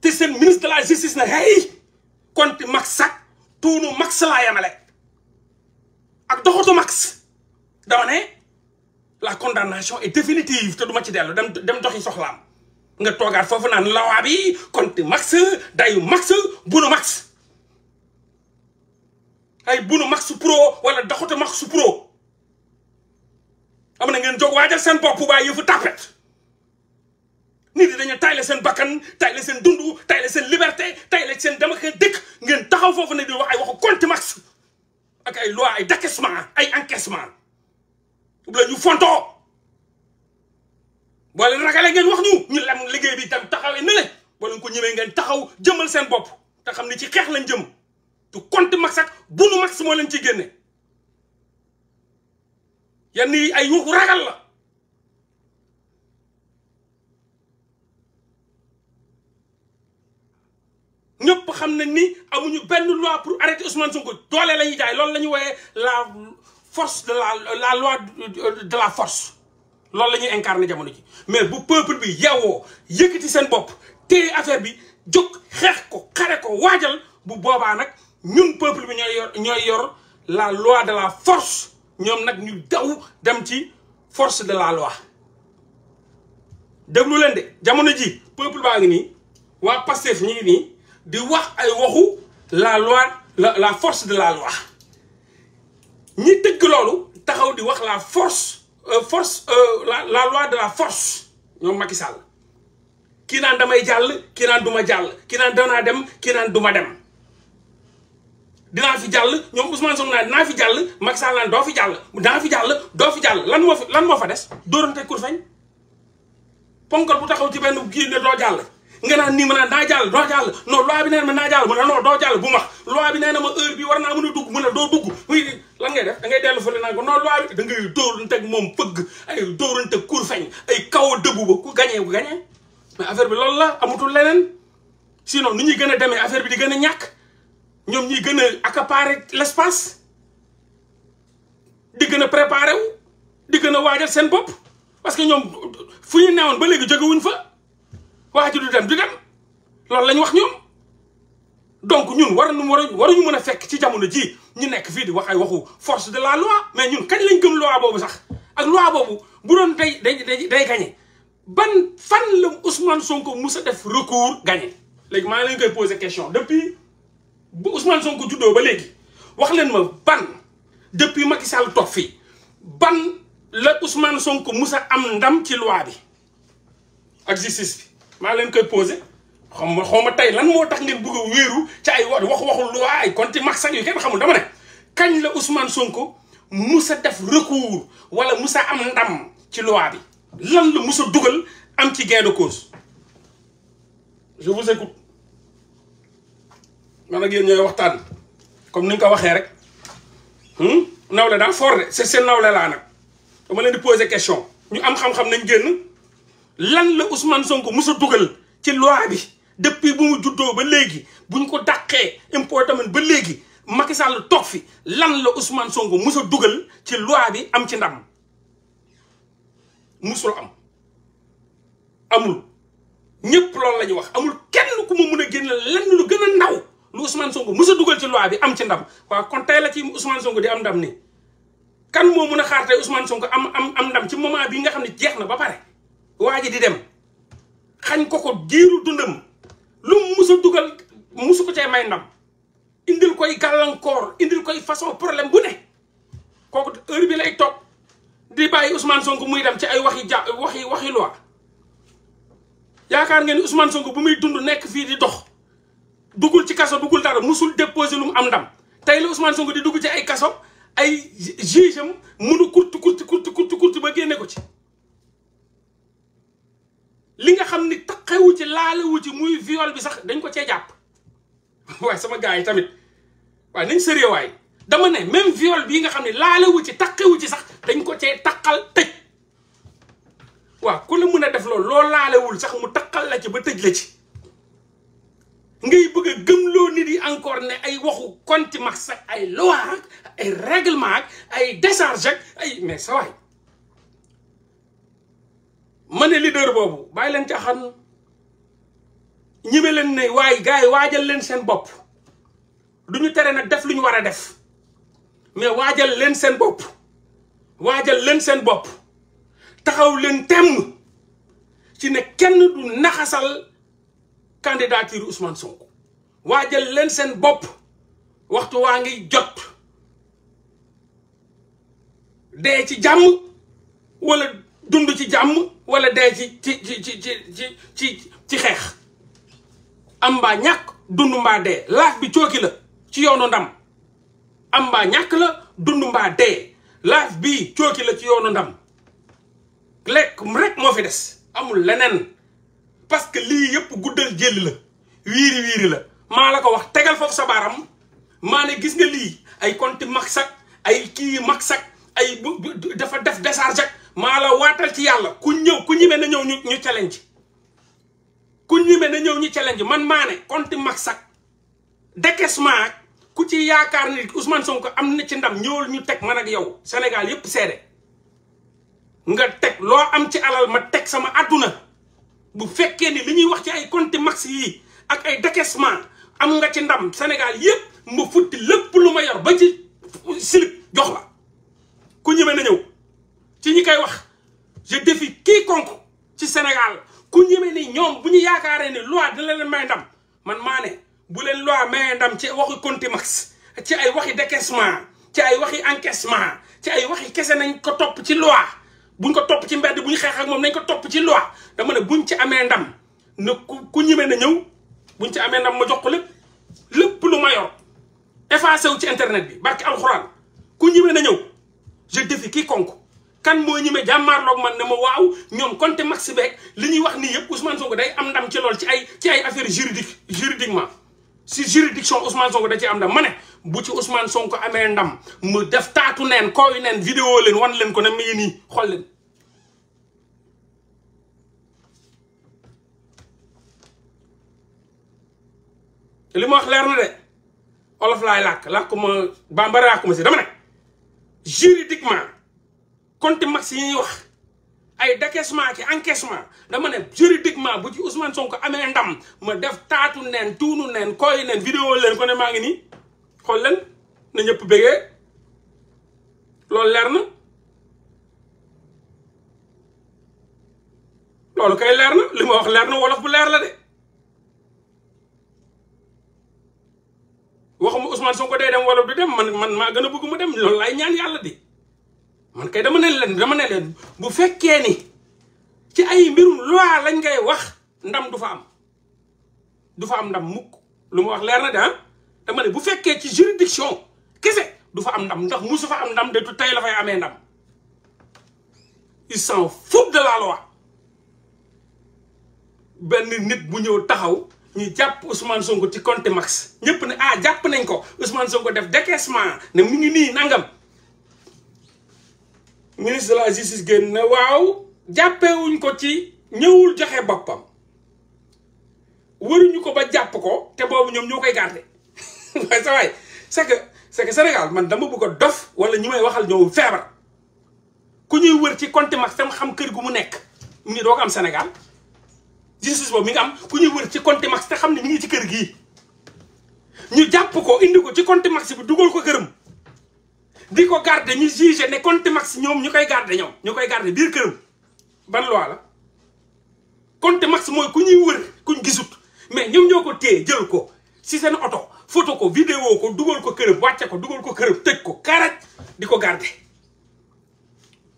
Speaker 2: te seen ministre la justice na hey compte max ak tuunu max laa yemale ak doxutu max dama ne la condamnation est définitive te du ma ci dellu dem dem doxi soxlaam nga toogaat foofu naan lawaa bi konti max dayu max bunu max ay bunu max pro wala doxute max pro am na ngeen jóg waajal seen bopp waaye yëfu tàppet nit yi dañu tayle seen bakkan tayle seen dund tayle seen liberté tayle seen dem ak dëkk ngeen taxaw foofu ne di wax ay waxu konti max ak ay loi ay décaissement ay encaissement bu la ñu fontoo boo leen ragale ngeen wax ñu ñu lem liggéey bi tam taxawee ne le boo leen ko ñëwee ngeen taxaw jëmal seen bopp te xam ne ci xeex lañ jëm du compte max ak bunu max moo leen ci génne yenn yi ay yuuxu ragal la ñëpp xam nañ ni amuñu benn loi pour arrêter Ousmane Sonko doole la ñuy jaay loolu la ñu force de la la loi de la force loolu la ñuy incarné jamono ji mais bu peuple bi yeewoo yëkkati seen bopp téye affaire bi jóg xeex ko xare ko waajal bu boobaa nag ñun peuple bi ñooy yor ñooy yor la loi de la force ñoom nag ñu daw dem ci force de la loi. déglu leen de jamono ji peuple baa ngi nii waa Pastef ñi ngi nii di wax ay waxu la loi la la force de la loi. ñi tëgg loolu taxaw di wax la force euh, force euh, la la loi de force ñoom Macky Sall kii naan damay jàll kii naan duma jàll kii naan danaa dem kii naan duma dem dinaa fi jàll ñoom Ousmane Sonko naa dinaa fi jàll Macky doo fi jàll dinaa fi jàll doo fi jàll lan moo fa lan moo fa des dóorante kur fañ ponkal bu taxaw ci benn kii ne doo jàll nga naan nii ma naan naa jàll doo jàll non loi bi nee na ma naa jàll ma ne non doo jàll bu max loi bi nee na ma heure bi war naa mën a dugg mu ne doo dugg muy lan ngay def da ngay dellu fële naan ko non loi bi da ngay dóorante moom fëgg ay dóorante kur feñ ay kaw a dëbbu ba ku gañee ku gañee mais affaire bi loolu la amatul leneen sinon nu ñuy gën a demee affaire bi di gën a ñàkk ñoom ñuy gën a accaparer l'espace di gën a préparer wu di gën a waajal seen bopp parce que ñoom fu ñu newoon ba léegi jógewuñ fa waa ji du dem du dem loolu lañ wax ñoom donc ñun war nañu war ñu mën a fekk ci jamono ji ñu nekk fii di wax ay waxu force de la loi mais ñun kañ lañ gëm loi boobu sax ak loi boobu bu doon day day day day gagné ban fan la Ousmane Sonko musa a def recours gagné. léegi maa ngi leen koy poser question depuis bu Ousmane Sonko juddoo ba léegi wax leen ma ban depuis Macky Sall toog fii ban la Ousmane Sonko mus am ndam ci loi bi ak justice bi. maa leen koy posé xam ma xaw ma tey lan moo tax ngeen bëgg a wéeru ci ay wax waxul lu ay konti max ak yu kenn xamul dama ne kañ la Ousmane Sonko musa def recours wala musa am ndam ci loi bi lan la musa dugal am ci gain de cause je vous écoute man ak yéen ñooy waxtaan comme ni ko waxee rek hmm? nawle daal fort de c'est seen nawle laa nag dama leen di poser question ñu am xam-xam nañ génn lan la Ousmane Sonko mus a dugal ci loi bi depuis bu mu juddoo ba léegi bu ñu ko dàqee impôt tamit ba léegi Macky Sall toog fi lan la Ousmane Sonko mus a dugal ci loi bi am ci ndam musul am amul ñëpp loolu la ñu wax amul kenn ku ma mun a génne lenn lu gën a ndaw lu Ousmane Sonko mus a dugal ci loi bi am ci ndam waaw kon tey la ci Ousmane Sonko di am ndam ni kan moo mun a xaar tey Ousmane Sonko am am am ndam ci moment bi nga xam ne jeex na ba pare. waa ji di dem xañ ko ko giiru dundam lu mu mus a dugal musu ko cay may ndam indil koy gàllankoor indil koy façon problème bu ne kooku heure bi lay toog di bàyyi Ousmane Sonko muy dem ci ay wax waxi ja waxi waxi loi yaakaar ngeen ni Ousmane Sonko bu muy dund nekk fii di dox duggul ci kaso duggul dara musul déposé lu mu am ndam tey la Ousmane Sonko di dugg ci ay kaso ay juge am mënu kurti kurti kurti kurti ba génne ko ci li nga xam ni taqewu ci laalewu ci muy viole bi sax dañ ko cee jàpp *laughs* waaye sama gars yi tamit waaye nañ sérieux waay dama ne même viol bii nga xam ne laalewu ci taqewu ci sax dañ ko cee taqal tëj waaw ku la mën a def lool loo laalewul sax mu taqal la ci ba tëj la ci ngay bëgg a loo nit yi encore ne ay waxu contumace ak ay loi ak ay règlement ak ay décharge ak ay mais sa ma ne leader boobu bàyyi leen ca caaxaan ñime leen ne waaye gars yi waajal leen seen bopp du ñu tere nag def lu ñu war a def mais waajal leen seen bopp waajal leen seen bopp taxaw leen temm ci ne kenn du naxasal candidature Ousmane waajal leen seen bopp waxtu waa ngi jot dee ci jàmm wala. dund ci jàmm wala dee ci ci ci ci ci ci xeex am ñàkk dund mbaa dee laaf bi cooki la ci yoonu ndam amba mbaa ñàkk la dund mbaa dee laaf bii cooki la ci yoonu ndam lekk rek moo fi des amul leneen parce que lii yëpp guddal jëli la wiiri wiiri la maa la ko wax tegal foofu sa maa ne gis nga lii ay konti mag ay kii mag sak ay dafa def décharge ak maa la waatal ci yàlla ku ñëw ku ñime na ñëw ñu ñu challenge ku ñime na ñëw ñu challenge man maa ne konti max ak décaissement ak ku ci yaakaar ni Ousmane ko am na ci ndam ñëwal ñu teg man ak yow Sénégal yépp seede nga teg loo am ci alal ma teg sama àdduna bu fekkee ni li ñuy wax ci ay compte max yii ak ay décaissement am nga ci ndam Sénégal yépp ma futti lépp lu ma yor ba ci silib jox la ku ñëme na ñëw ci ñi koy wax je kii konk ci Sénégal ku ñeme ni ñoom bu ñu yaakaaree ni loi dina leen may ndam man maa ne bu leen loi mayee ndam ci waxi contumace ci ay waxi décaissement ci ay waxi encaissement ci ay waxi kese nañ ko topp ci loi buñ ko topp ci mbedd bu ñu xeex ak moom nañ ko topp ci loi dama ne buñ ci amee ndam na ku ñeme na ñëw buñ ci amee ndam ma jox ko lépp lépp lu ma yor effacé wu ci internet bi barki alxuraan ku ñeme na ñëw je défie quiconque kan moo ñime jàmmaarloog man ne ma waaw ñoom Conté Max beeg li ñuy wax nii yëpp Ousmane Sonko day am ndam ci lool ci ay ci affaire juridique juridiquement si juridiction Ousmane Sonko da ci am ndam ma ne bu ci Ousmane Sonko amee ndam mu def neen kooyu neen vidéo leen wan leen ko ne mi ngi nii xool wax leer na de olof laay làkk làkk ma bambara si dama ne juridiquement compte max yi ñuy wax ay décaissement ki encaissement dama ne juridiquement bu ci Ousmane Sonko amee ndam ma def taatu neen tuunu neen kooy neen vidéo leen ko ne maa ngi nii xool leen na ñëpp bégee loolu leer na loolu kay leer na li ma wax leer na wolof bu leer la de waxuma Ousmane Sonko day dem wolof du dem man man maa gën a bëgg dem loolu lay ñaan yàlla di man kay dama ne leen dama ne leen bu fekkee ni ci ay mbirum loi lañ ngay wax ndam du fa am du fa am ndam mukk lu ma wax leer na de ah dama ne bu fekkee ci juridiction kese du fa am ndam ndax musu fa am ndam de du tey la fay amee ndam ils s'en foutent de la benn nit bu ñëw taxaw ñu jàpp Ousmane Sonko ci Conté Max ñëpp ne ah jàpp nañ ko Ousmane Sonko def décaissement ne mu ngi nii nangam. ministre de la justice génn na waaw jàppewuñ ko ci ñëwul joxe boppam waruñu ko ba jàpp ko te boobu ñoom ñoo koy garde *laughs* waaye sa waay c'est que c'est man dama bëgg a dof wala ñu may waxal ñoo feebar ku ñuy wër ci compte mag fam xam kër gu mu nekk mu am Sénégal justice mi ngi am ku ñuy wër ci compte mag te xam ne mu ngi ci kër gi ñu jàpp ko indi ko ci compte mag bi dugal ko këram di ko garder ñu jugé ne Conte-Max ñoom ñu koy garder ñoom ñu koy garder biir këram ban loi la Conte-Max mooy ku ñuy wër kuñ gisut mais ñoom ñoo ko téye jël ko si seen oto photo ko vidéo ko dugal ko këram wàcce ko dugal ko këram tëj ko karaj di ko garder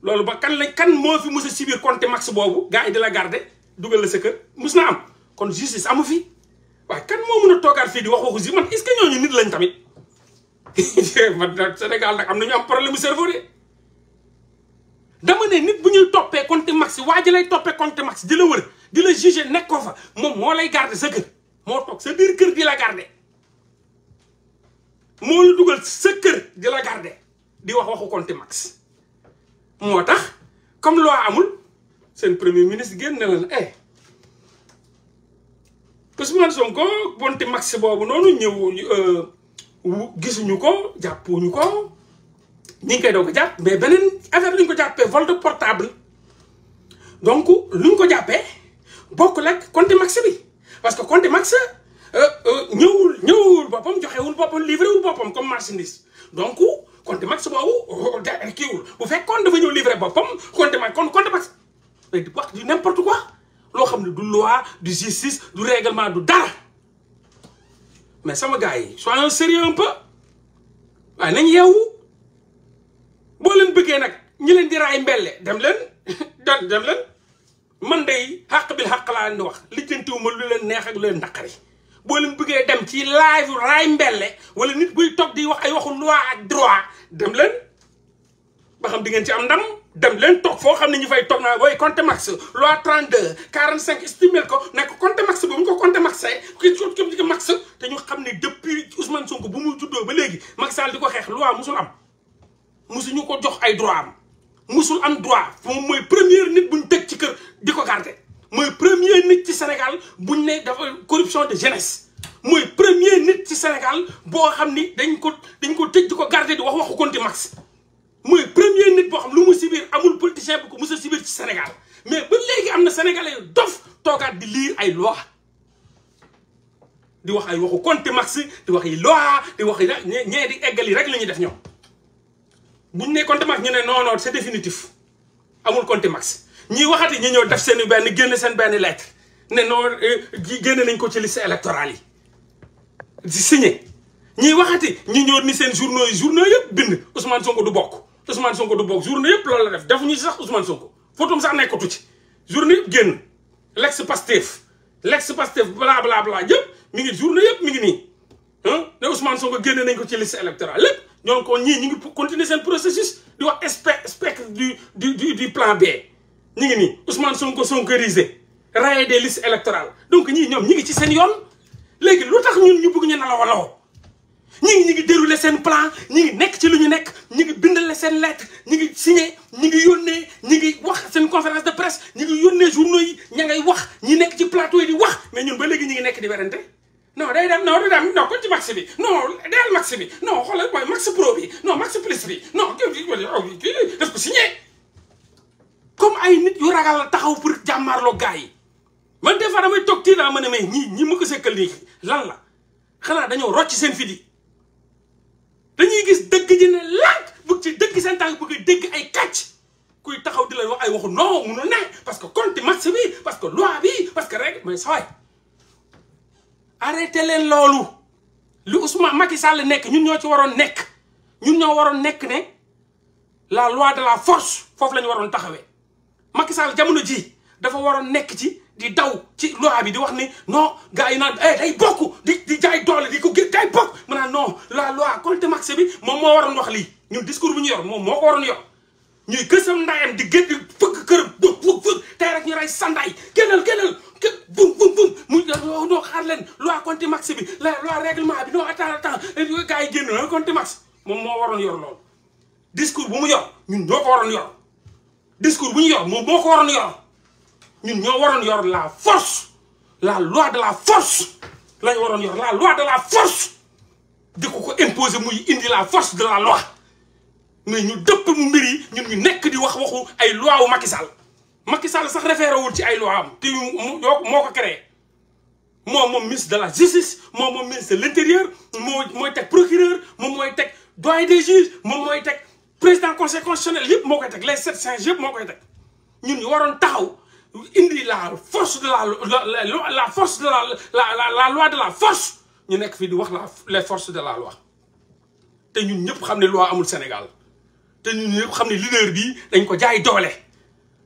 Speaker 2: loolu ba kan lañ kan moo fi mus si biir Conte-Max boobu gars yi di la garder dugal la sa kër mus na am kon justice amu fi waaye kan moo mun a toogaat fii di wax waxu si man est que ñooñu nit lañ tamit *laughs* man Sénégal nag am na ñu am problème mu cerveau de dama ne nit bu ñuy toppee compte max waa ji lay toppee compte max di la wër di la juger nekk ko fa moom moo lay garder sa kër moo toog sa biir kër di la garder moo la dugal sa kër di la garder di wax waxu compte max. moo tax comme loi amul seen premier ministre génn na leen eh Ousmane Sonko compte max boobu noonu ñëw. Euh, gisuñu ko jàppuñu ko ñu ngi koy doo ko jàpp mais beneen affaire lu ñu ko jàppee vol de portable donc lu ñu ko jàppee bokkul ak Conté Max bi parce que Conté Max euh, euh, ñëwul ñëwul boppam joxewul boppam livré wul boppam comme marchandise donc Conté Max boobu oh, kiiwul bu fekkoon dafa ñëw livré boppam Conté Max comme Conté Max mais di wax du n'importe quoi loo xam ne du loi du justice du règlement du dara mais sama gars yi soyons sérieux un peu waaye nañ yeewu boo leen bëggee nag ñi leen di raay mbelle dem leen *laughs* dem leen man day xàq bil xàq laa leen di wax lijjantiwuma lu leen neex ak leen naqari boo leen bëggee dem ci live raay mbele wala nit buy toog di wax ay waxu loi ak droit dem leen ba xam di ngeen ci am ndam dem leen toog foo xam ne ñu fay toog naa booy compte max loi 32 45 estimel ko nekk compte max bi bu ñu ko compte max ki ki ki max te ñu xam ne depuis Ousmane Sonko bu muy juddoo ba léegi Macky Sall di ko xeex loi musul am musu ñu ko jox ay droit am musul am droit moom mooy première nit bu ñu teg ci kër di ko garder mooy premier nit ci Sénégal bu ñu ne dafa corruption de jeunesse mooy premier nit ci Sénégal boo xam ni dañ ko dañ ko tëj di ko garder di wax waxu compte max mooy premier nit boo xam lu mu sibir amul politicien bu ko mos a sibir ci Sénégal mais ba léegi am na sénégalais yu dof toogaat di lire ay loi di wax ay waxu Conté Max di wax yi loi di wax yi ñee di eggal yi rek la def ñoom buñ nekkoon Conté Max ñu ne non non c'est définitif amul Conté Max ñi waxati ñu ñëw def seen benn génn seen benn lettre ne non euh, génne nañ ko ci liste électorale yi di signé ñiy waxati ñu ñëw ni seen journaux yi journaux yëpp bind Ousmane Sonko du bokk. Ousmane Sonko du bokk journée yëpp loolu la def defuñu si sax Ousmane Sonko fotum sax nekkatu ci journée yëpp génn lex Pastef lex Pastef bla bla bla yëpp mi ngi journée yëpp mu ngi nii ah ne Ousmane Sonko génne nañ ko ci liste électorale lépp ñoo ko ñii ñu ngi continuer seen processus di wax spec spec du du du plan B ñu ngi nii Ousmane Sonko sonkorisé raye des listes électorales donc ñii ñoom ñi ngi ci seen yoon léegi lu tax ñun ñu bëgg ñu nalaw a law ñi ngi ñu ngi déroulé seen plan ñi ngi nekk ci lu ñu nekk ñi ngi bindale seen lettre ñi ngi signé ñi ngi yónnee ñi ngi wax seen conférence de presse ñi ngi yónnee journaux yi ña ngay wax ñi nekk ci plateau yi di wax mais ñun ba léegi ñi ngi nekk di werante non day dem non du dem non kon ci max bi non del max bi non xoolal mooy max pro bi non max plus bi non kii oh, daf ko signé comme ay nit yu ragal la taxaw pour jàmmaarloo gars yi man des fois damay toog tii la ma ne mais ñii ñi ma ko sekkal nii lan la xanaa dañoo rocc seen fidi dañuy gis dëgg ji ne lànk bëgg ci dëgg seen tànk bëgg dégg ay kàcc kuy taxaw di la wax ay waxu non munu ne parce que compte match bi parce que loi bi parce que rek mais sooy arrêté leen loolu li Ousmane Macky Sall nekk ñun ñoo ci waroon nekk ñun ñoo waroon nekk ne la loi de la force foofu la ñu waroon taxawee Macky jamono ji dafa waroon nekk ci di daw ci loi bi di wax ni non ga yi naan eh day bokk di di jaay doole di ko gé day bokk mu naan non la loi Contre Max bi moom moo waroon wax lii ñun discours bu ñu yor moom moo ko waroon yor ñuy gësam di gën di fëgg këram bëgg bëgg ñu rey sanday génnal génnal képp bum bum bum mu noo xaar leen loi Contre Max bi la loi règlement bi non attends attends yi génn na Contre Max moom moo waroon yor loolu discours bu mu yor ñun ñoo ko waroon yor bu ñu yor moom moo ko waroon yor ñun ñoo waroon yor la force la loi de la force lañ waroon yor la loi de la force di ko ko imposer muy indi la force de la loi mais ñu dëpp mu mbir ñun ñu nekk di wax waxu ay loi wu Macky Sall Macky Sall sax référé wul ci ay loi am te moo ko créé moom moom ministre de la justice moom moom ministre de l'intérieur moo mooy teg procureur moom mooy teg doyen de juges moom mooy teg président conseil constitutionnel yëpp moo koy teg les sept singes yëpp moo koy teg ñun ñu waroon taxaw indi laa force de la la la force de la la la force ñu nekk fii di wax la les force de la loi te ñun ñëpp xam ne loi amul Sénégal te ñun ñëpp xam ne leader bi dañ ko jaay doole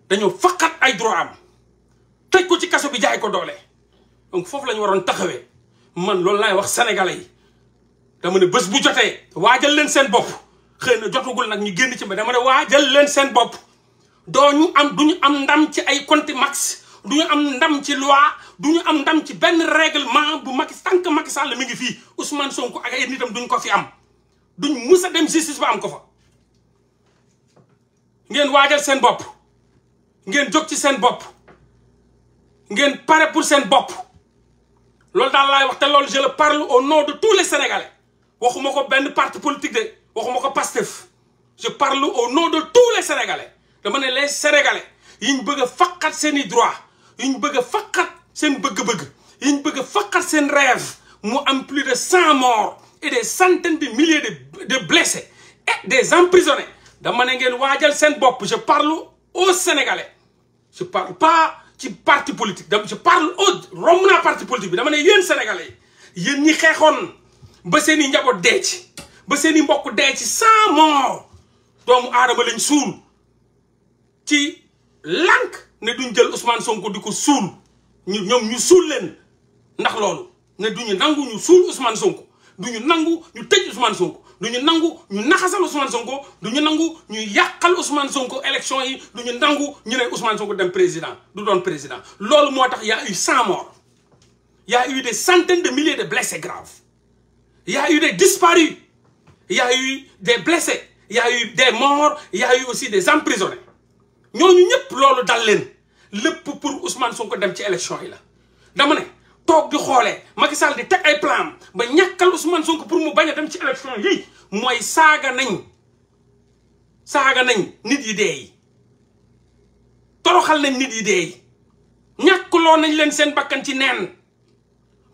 Speaker 2: dañoo faqat ay droit am tëj ko ci kaso bi jaay ko doole donc foofu lañu waroon taxawee man loolu laay wax sénégalais yi dama ne bés bu jotee waajal leen seen bopp xëy na jotagul nag ñu génn ci ma dama ne waajal leen seen bopp. doo ñu am du ñu am ndam ci ay compte max du ñu am ndam ci loi du ñu am ndam ci benn règlement bu Macky tant que sàll mi ngi fii Ousmane Sonko ak ay nitam duñ ko fi am duñ mus a dem justice ba am ko fa. ngeen waajal seen bopp ngeen jóg ci seen bopp ngeen pare pour seen bopp loolu daal laay wax te loolu je le parle au nom de tous les sénégalais waxuma ko benn parti politique de waxuma ko Pastef je parle au nom de tous les sénégalais. dama ne les sénégalais yiñ bëgg a faqat seen i droit yiñ bëgg a seen bëgg-bëgg yiñ bëgg a seen rêve mu am plus de cent morts et des centaines de milliers de de blessés et des emprisonnés dama ne ngeen waajal seen bopp je parle aux sénégalais je parle pa ci parti politique dama je parle au romb naa parti politique bi dama ne yéen sénégalais yi yéen ñi xeexoon ba seen i njaboot dee ba seen i mbokk dee ci cent morts doomu aadama lañ suul. ci lank ne duñ jël Ousmane Sonko di ko suul ñu ñoom ñu suul leen ndax loolu ne duñu nangu ñu suul Ousmane Sonko duñu nangu ñu tëj Ousmane Sonko duñu nangu ñu naxasal Ousmane Sonko du ñu nangu ñu yàqal Ousmane Sonko élection yi ñu nangu ñu ne Ousmane Sonko dem président du doon président loolu moo tax y a eu cent morts y a eu des centaines de milliers de blessés graves y a eu des disparus y a eu des blessés y a eu des morts y a eu aussi des emprisonnés ñooñu ñëpp loolu dal leen lépp pour Ousmane Sonko dem ci élection yi la dama ne toog di xoolee Macky Sall di teg ay plan ba ñàkkal Ousmane Sonko pour mu bañ a dem ci élection yi mooy saaga nañ saaga nañ nit yi dee yi toroxal nañ nit yi dee yi ñàkkuloo nañ leen seen bakkan ci neen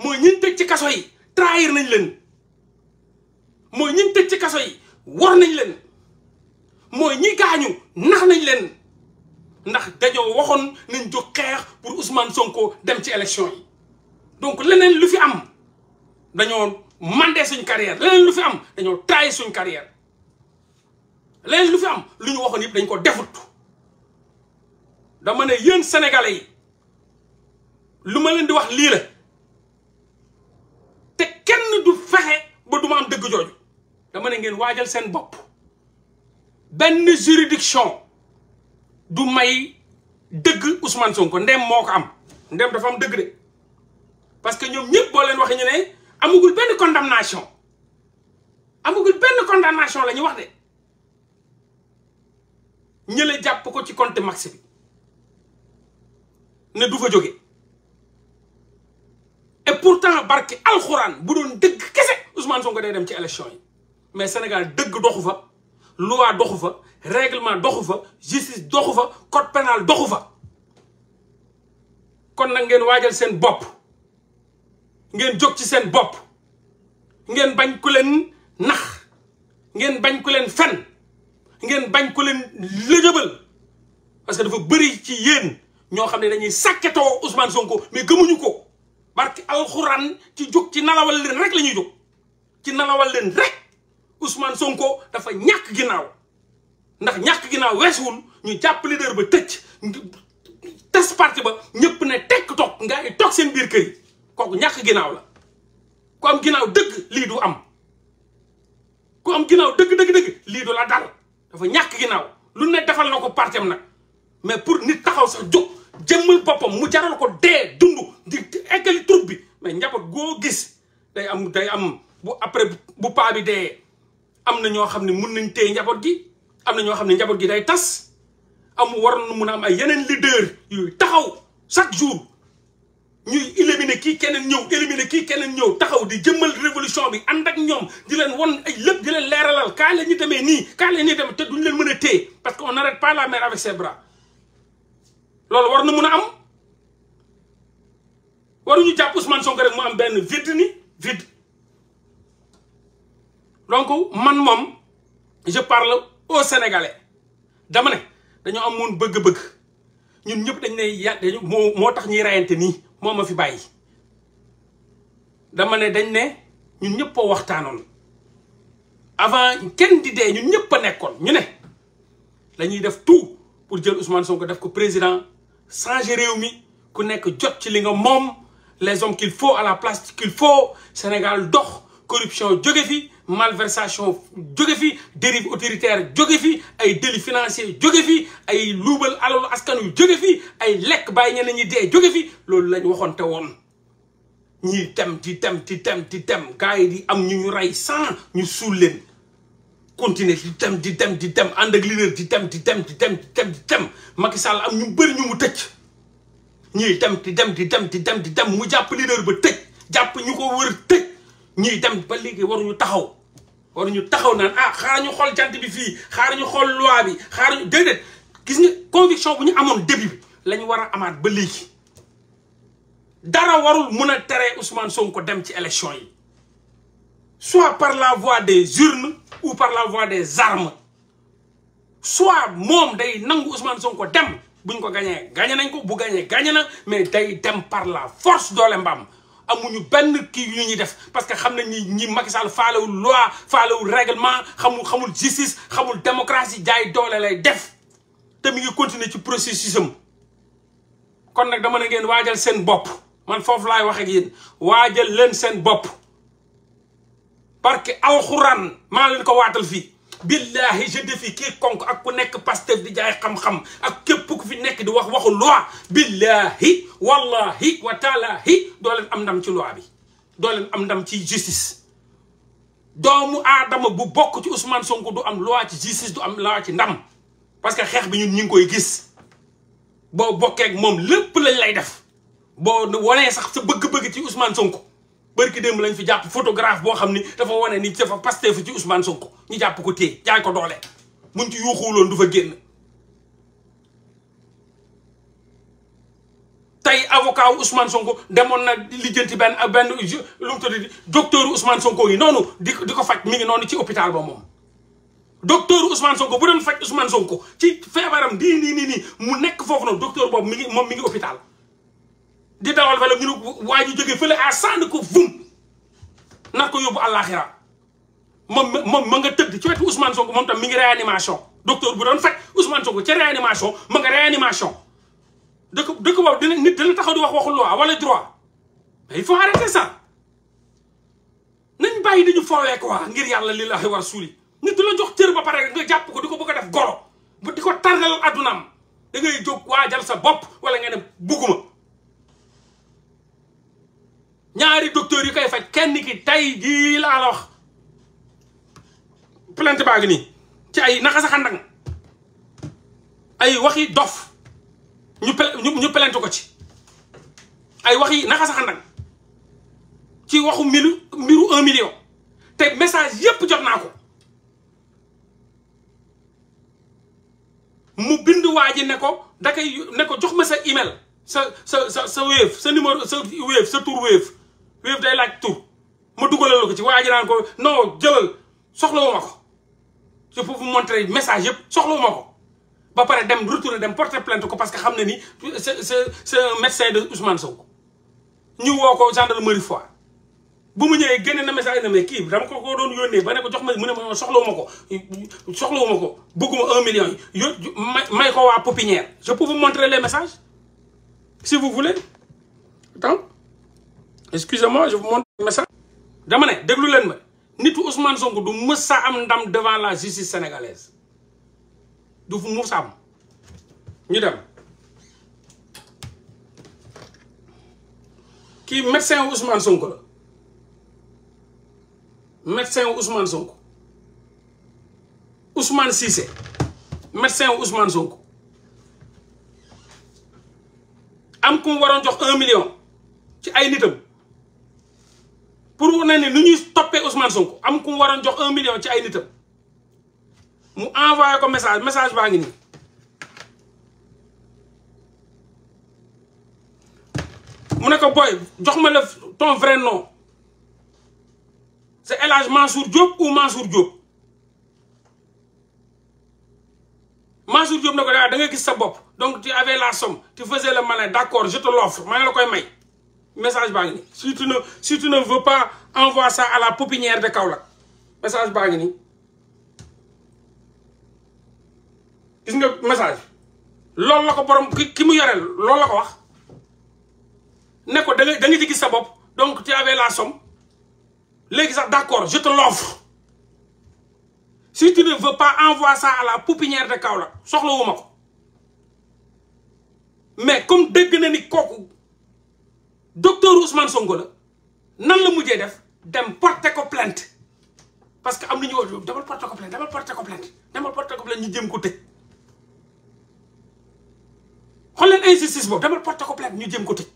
Speaker 2: mooy ñiñ ci kaso yi trahir nañ leen mooy ñiñ tëj ci kaso yi war nañ leen mooy ñi gaañu nax nañ leen ndax dañoo waxoon nañ jóg xeex pour Ousmane Sonko dem ci élection yi donc leneen lu fi am dañoo mandé suñ carrière leneen lu fi am dañoo trahi suñ carrière leneen lu fi am lu ñu waxoon yëpp dañ ko defut dama ne yéen sénégalais yi lu ma leen di wax lii la te kenn du fexe ba du am dëgg jooju dama ne ngeen waajal seen bopp benn juridiction du may dëgg Ousmane ko ndem moo ko am ndem dafa am dëgg de parce que ñoom ñëpp boo leen waxee ñu ne amugul benn condamnation amugul benn condamnation la ñu wax de ñële jàpp ko ci compte max bi ne du fa jóge et pourtant barke alxuraan bu doon dëgg kese Ousmane Sonko day dem ci élection yi mais Sénégal dëgg doxu fa. loi doxu fa règlement doxu fa justice doxu fa code pénal doxu fa kon nag ngeen waajal seen bopp ngeen jóg ci seen bopp ngeen bañ ku leen nax ngeen bañ ku leen fen ngeen bañ ku leen lëjëbal parce que dafa bëri ci yéen ñoo xam ne dañuy sàkketoo Ousmane Sonko mais gëmuñu ko parce barki alxuraan ci jóg ci nalawal leen rek la ñuy jóg ci nalawal leen rek Ousmane Sonko dafa ñàkk ginnaaw ndax ñàkk ginnaaw weesuwul ñu jàpp leader ba tëj tas parti ba ñëpp ne tekk toog nga ay toog seen biir kër yi kooku ñàkk ginnaaw la ko am ginnaaw dëgg lii du am ku am ginnaaw dëgg dëgg dëgg lii du la dal dafa ñàkk ginnaaw lu ne defal na ko am nag mais pour nit taxaw sax jóg jëmmal boppam mu jaral ko dee dund di eggali troupe bi mais njaboot goo gis day am day am bu après bu paa bi dee am na ñoo xam ne mun nañ téye njaboot gi am na ñoo xam ne njaboot gi day tas am war na mun a am ay yeneen leader yuy taxaw chaque jour ñuy éliminer kii keneen ñëw éliminer kii keneen ñëw taxaw di jëmmal révolution bi ànd ak ñoom di leen won ay lépp di leen leeralal kaa leen ñu demee nii kaa leen ñu demee te duñ leen mën a téye parce que on n'arrête pas la mer avec ses loolu war na mun a am waruñu jàpp Ousmane Sonko rek mu am benn vide ni donc man moom je parle aux sénégalais dama ne dañoo amoon bëgg-bëgg ñun ñëpp dañ ne ya moo moo tax ñuy reyante nii moom ma fi bàyyi dama ne dañ ne ñun ñëpp a waxtaanoon avant kenn di dee ñun ñëpp a nekkoon ñu ne dañuy def tout pour jël Ousmane Sonko def ko président changer réew mi ku nekk jot ci li nga moom les hommes qu'il faut à la place qu'il faut Sénégal dox corruption jóge fi malversation jóge fi dérive autoritaire jóge fi ay délit financier jóge fi ay luubal alalu askan wi jóge fi ay lekk bàyyi ñeneen ñi dee jóge fi loolu lañ waxoon woon ñiy dem di tem di tem di tem di am ñu ñu rey ñu suul leen continuer di tem di tem ànd ak leader di tem di tem di dem di tem tem Macky Sall am ñu bëri ñu mu tëj ñiy tem di dem di dem di dem di dem mu jàpp leader ba tëj jàpp ñu ko wër tëj ñuy dem ba léegi waruñu taxaw waruñu taxaw naan ah xaaral ñu xool jant bi fii xaar ñu xool loi bi xaar ñu déedéet gis nga conviction bu ñu amoon début bi la ñu war a amaat ba léegi dara warul mun a tere Ousmane Sonko dem ci élection yi soit par la voie des urnes ou par la voie des armes soit moom day nangu Ousmane Sonko dem buñ ko gañee gañe nañ ko bu gañee gañe na mais day dem par la force doole mbaam amuñu benn kii yu ñuy def parce que xam nañ ni ñi Macky Sall faalewul loi faalewul règlement xamul xamul justice xamul démocratie jaay doole lay def te mi ngi continuer ci processus am kon nag dama ne ngeen waajal seen bopp man foofu laay wax ak yéen waajal leen seen bopp parce que aw alxuraan maa leen ko waatal fii billahi je défie quiconque ak ku nekk Pastef di jaay xam-xam ak képp ku fi nekk di wax waxu loi billahi wallahi wa taalahi doo leen am ndam ci loi bi doo leen am ndam ci justice doomu aadama bu bokk ci Ousmane Sonko du am loi ci justice du am loi ci ndam parce que xeex bi ñun ñu ngi koy gis boo bokkee moom lépp lañ lay def boo wanee sax sa bëgg-bëgg ci Ousmane Sonko bërki démb lañ fi jàpp photographe boo xam ni dafa wane ni dafa Pastef ci Ousmane Sonko ñu jàpp ko téye jaay ko doole muñ ci yuuxuwuloon du fa génn tey avocat wu Ousmane Sonko demoon na lijjanti benn benn lu mu tudd docteur Ousmane Sonko yi noonu di di ko faj mi ngi noonu ci hôpital ba moom docteur Ousmane Sonko bu doon faj Ousmane Sonko ci feebaram di nii nii nii mu nekk foofu noonu docteur boobu mi ngi moom mi ngi hôpital di dawal fële ñu ne waa ji jógee fële à sànni ko vum nar ko yóbbu àllaaxira moom moom ma nga tëdd ci wetu Ousmane Sonko moom tam mi ngi réanimation docteur bu doon faj Ousmane Sonko ca réanimation ma nga dëkk dëkk boobu dina nit dina taxaw di wax waxu wala droit mais il faut arrêter ça nañ bàyyi dañu foowee quoi ngir yàlla li la war suuli nit du la jox cër ba pare nga jàpp ko di ko bëgg a def goro bu di ko tardal addunaam da ngay jóg waajal sa bopp wala nga ne bugguma ñaari docteur yu koy faj kenn ki tey jii laa la wax plainte baa nii ci ay naxa saxandang ay waxi dof ñu ñu ko ci ay waxi naxa saxandang ci waxu mbiru mbiru un million te message yépp jox naa ko mu bind waa ji ne ko dakay koy ne ko jox ma sa email sa sa sa sa wéef sa numéro sa wéef sa tur wéef wéef day laaj tur ma dugalal ko ci waa ji ko non jëlal soxlawuma ko je peux vous montrer message yëpp soxla soxlawuma ko ba pare dem retourner dem porter plainte ko parce que xam ne ni c'est c'est un médecin de Ousmane Sonko ñu woo ko gendarmerie fois bu mu ñëwee génne na message na mais kii dama ko ko doon yónnee ba ne ko jox ma mu ne ma soxlawuma ko soxlawuma ko bëgguma un million yi yo may ko waa Pépinière je peux vous montrer les messages excusez-moi je vous montre le message dama ne déglu leen ma nitu Ousmane Sonko du mës sa am ndam devant la justice sénégalaise du fu mës a am ñu dem kii médecin Ousmane Sonko la médecin Ousmane Sonko Ousmane Cissé médecin Ousmane Sonko am ku mu waroon jox un million ci ay nitam pour wane ne nu ñuy toppee Ousmane Sonko am ku mu waroon jox un million ci ay nitam mu envoyé ko message message baa ngi nii mu nekk ko boy jox ma la ton vrai nom c'est El Hadj Mansour Diop ou Mansour Diop Mansour Diop ne ko ah, da nga gis sa bopp donc tu avais la somme tu faisais le malin d'accord je te l'offre maa la koy may message baa ngi nii si tu ne si tu ne veux pas envoie ça à la pépinière de Kaolack message baa ngi nii gis nga message loolu la ko borom ki ki mu yoreel loolu la ko wax ne ko da nga da ci gis sa bopp donc tu avais la somme léegi sax d'accord je te l'offre si tu ne veux pas envoie ça à la pépinière de Kaolack soxlawuma ko mais comme dégg na ni kooku. docteur Ousmane Sonko la nan la mujjee def dem porté ko plainte parce que am na ñu woo demal porté ko plainte demal porté ko plainte demal porté ko plainte ñu jëm ko tëj xool leen injustice boobu demal porté ko plainte ñu jëm ko tëj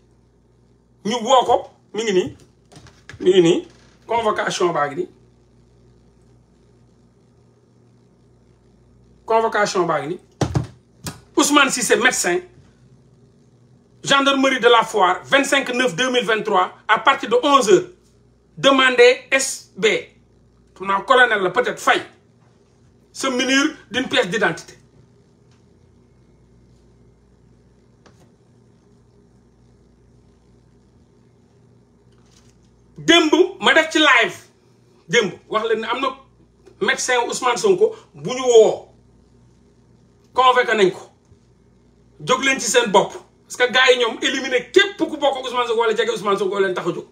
Speaker 2: ñu woo ko mu ngi nii mi ngi nii convocation baa ngi nii convocation baa ngi nii Ousmane Cissé médecin gendarmerie de la Foire 25 9 2023 à partir de 11 heures demandez SB pour naa colonel la peut-être Faye se munir d'une pièce d'identité démb ma def ci live démb wax leen ne am na médecin Ousmane ko bu ñu woo convoqué nañ ko jóg leen ci seen bopp parce que gars yi ñoom éliminer képp ku bokk ak Ousmane Sonko jege Ousmane Sonko leen tax a jóg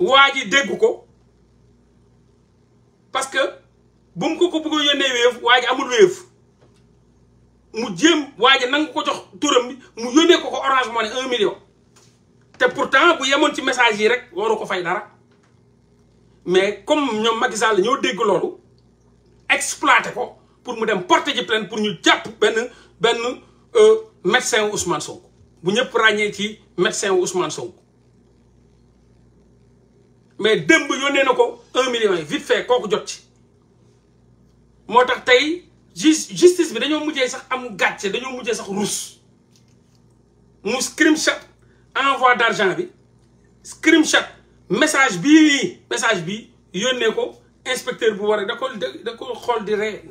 Speaker 2: waa ji dégg ko parce que bu mu ko ko bëgg a yónnee wéef waa ji amul mu jéem waaji ji nangu ko jox turam bi mu yónnee ko ko Orange Money un million te pourtant bu yemoon ci message yi rek waru ko fay dara mais comme ñoom Macky Sall ñoo dégg loolu exploité ko pour mu dem porter ji plainte pour ñu jàpp benn benn euh, médecin wu Ousmane Sonko bu ñëpp ràññee ci médecin wu Ousmane Sonko mais démb yónnee na ko un million yi vite fait kooku jot ci moo tax tey justice bi dañoo mujjee sax am gàcce dañoo mujjee sax rus mu screenshot envoi d'argent bi screenshot message bi message bi yónnee ko inspecteur bu war da ko da ko xool di ree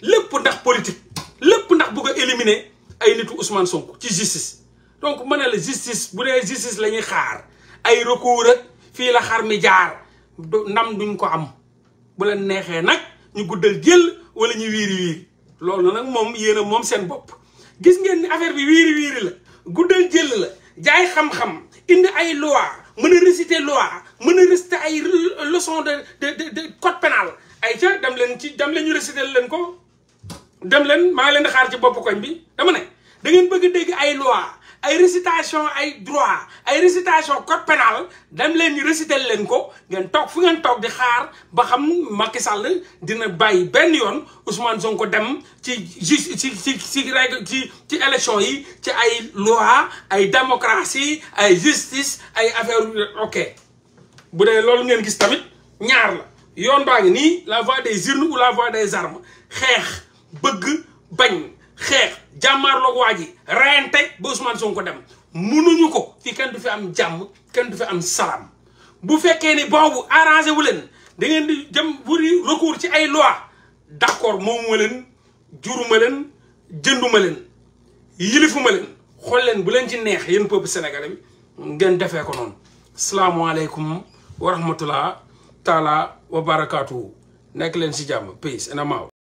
Speaker 2: lépp ndax politique lépp ndax bugg a éliminer ay nitu Ousmane Sonko ci justice donc ma ne la justice bu dee justice la ñuy xaar ay recours ak fii la xar mi jaar ndam duñ ko am bu leen neexee nag ñu guddal jël wala ñu wiiri wiiri loolu nag moom yéen a moom seen bopp gis ngeen ni affaire bi wiiri wiiri la guddal jël la jaay xam-xam indi ay loi mën a réciter loi mën a réciter ay leçon de de de code pénal ay ca dem leen ci dem leen ñu réciter leen ko dem leen maa ngi leen di xaar ci boppu koñ bi dama ne da ngeen bëgg a dégg ay loi ay récitation ay droit ay récitation code pénal dem leen ñu réciter leen ko ngeen toog fu ngeen toog di xaar ba xam Macky Sall dina bàyyi benn yoon Ousmane ko dem ci juste ci ci ci ci ci élection yi ci ay loi ay démocratie ay justice ay affaire ok bu dee loolu ngeen gis tamit ñaar la yoon baa ngi nii la voie des urnes ou la voie des armes xeex bëgg bañ xeex jàmmaar jàmmaarloog waa ji reyante ba Ousmane Sonko dem munuñu ko fii kenn du fi am jàmm kenn du fi am salaam bu fekkee ni boobu arrangé wu leen da di jëm wuri recours ci ay loi d'accord moomuma leen juruma leen jënduma leen yilifuma leen xool leen bu leen ci neex yéen peuple sénégalais bi ngeen defee ko noonu salaamaaleykum wa rahmatullah taala wa nekk leen ci jàmm peace and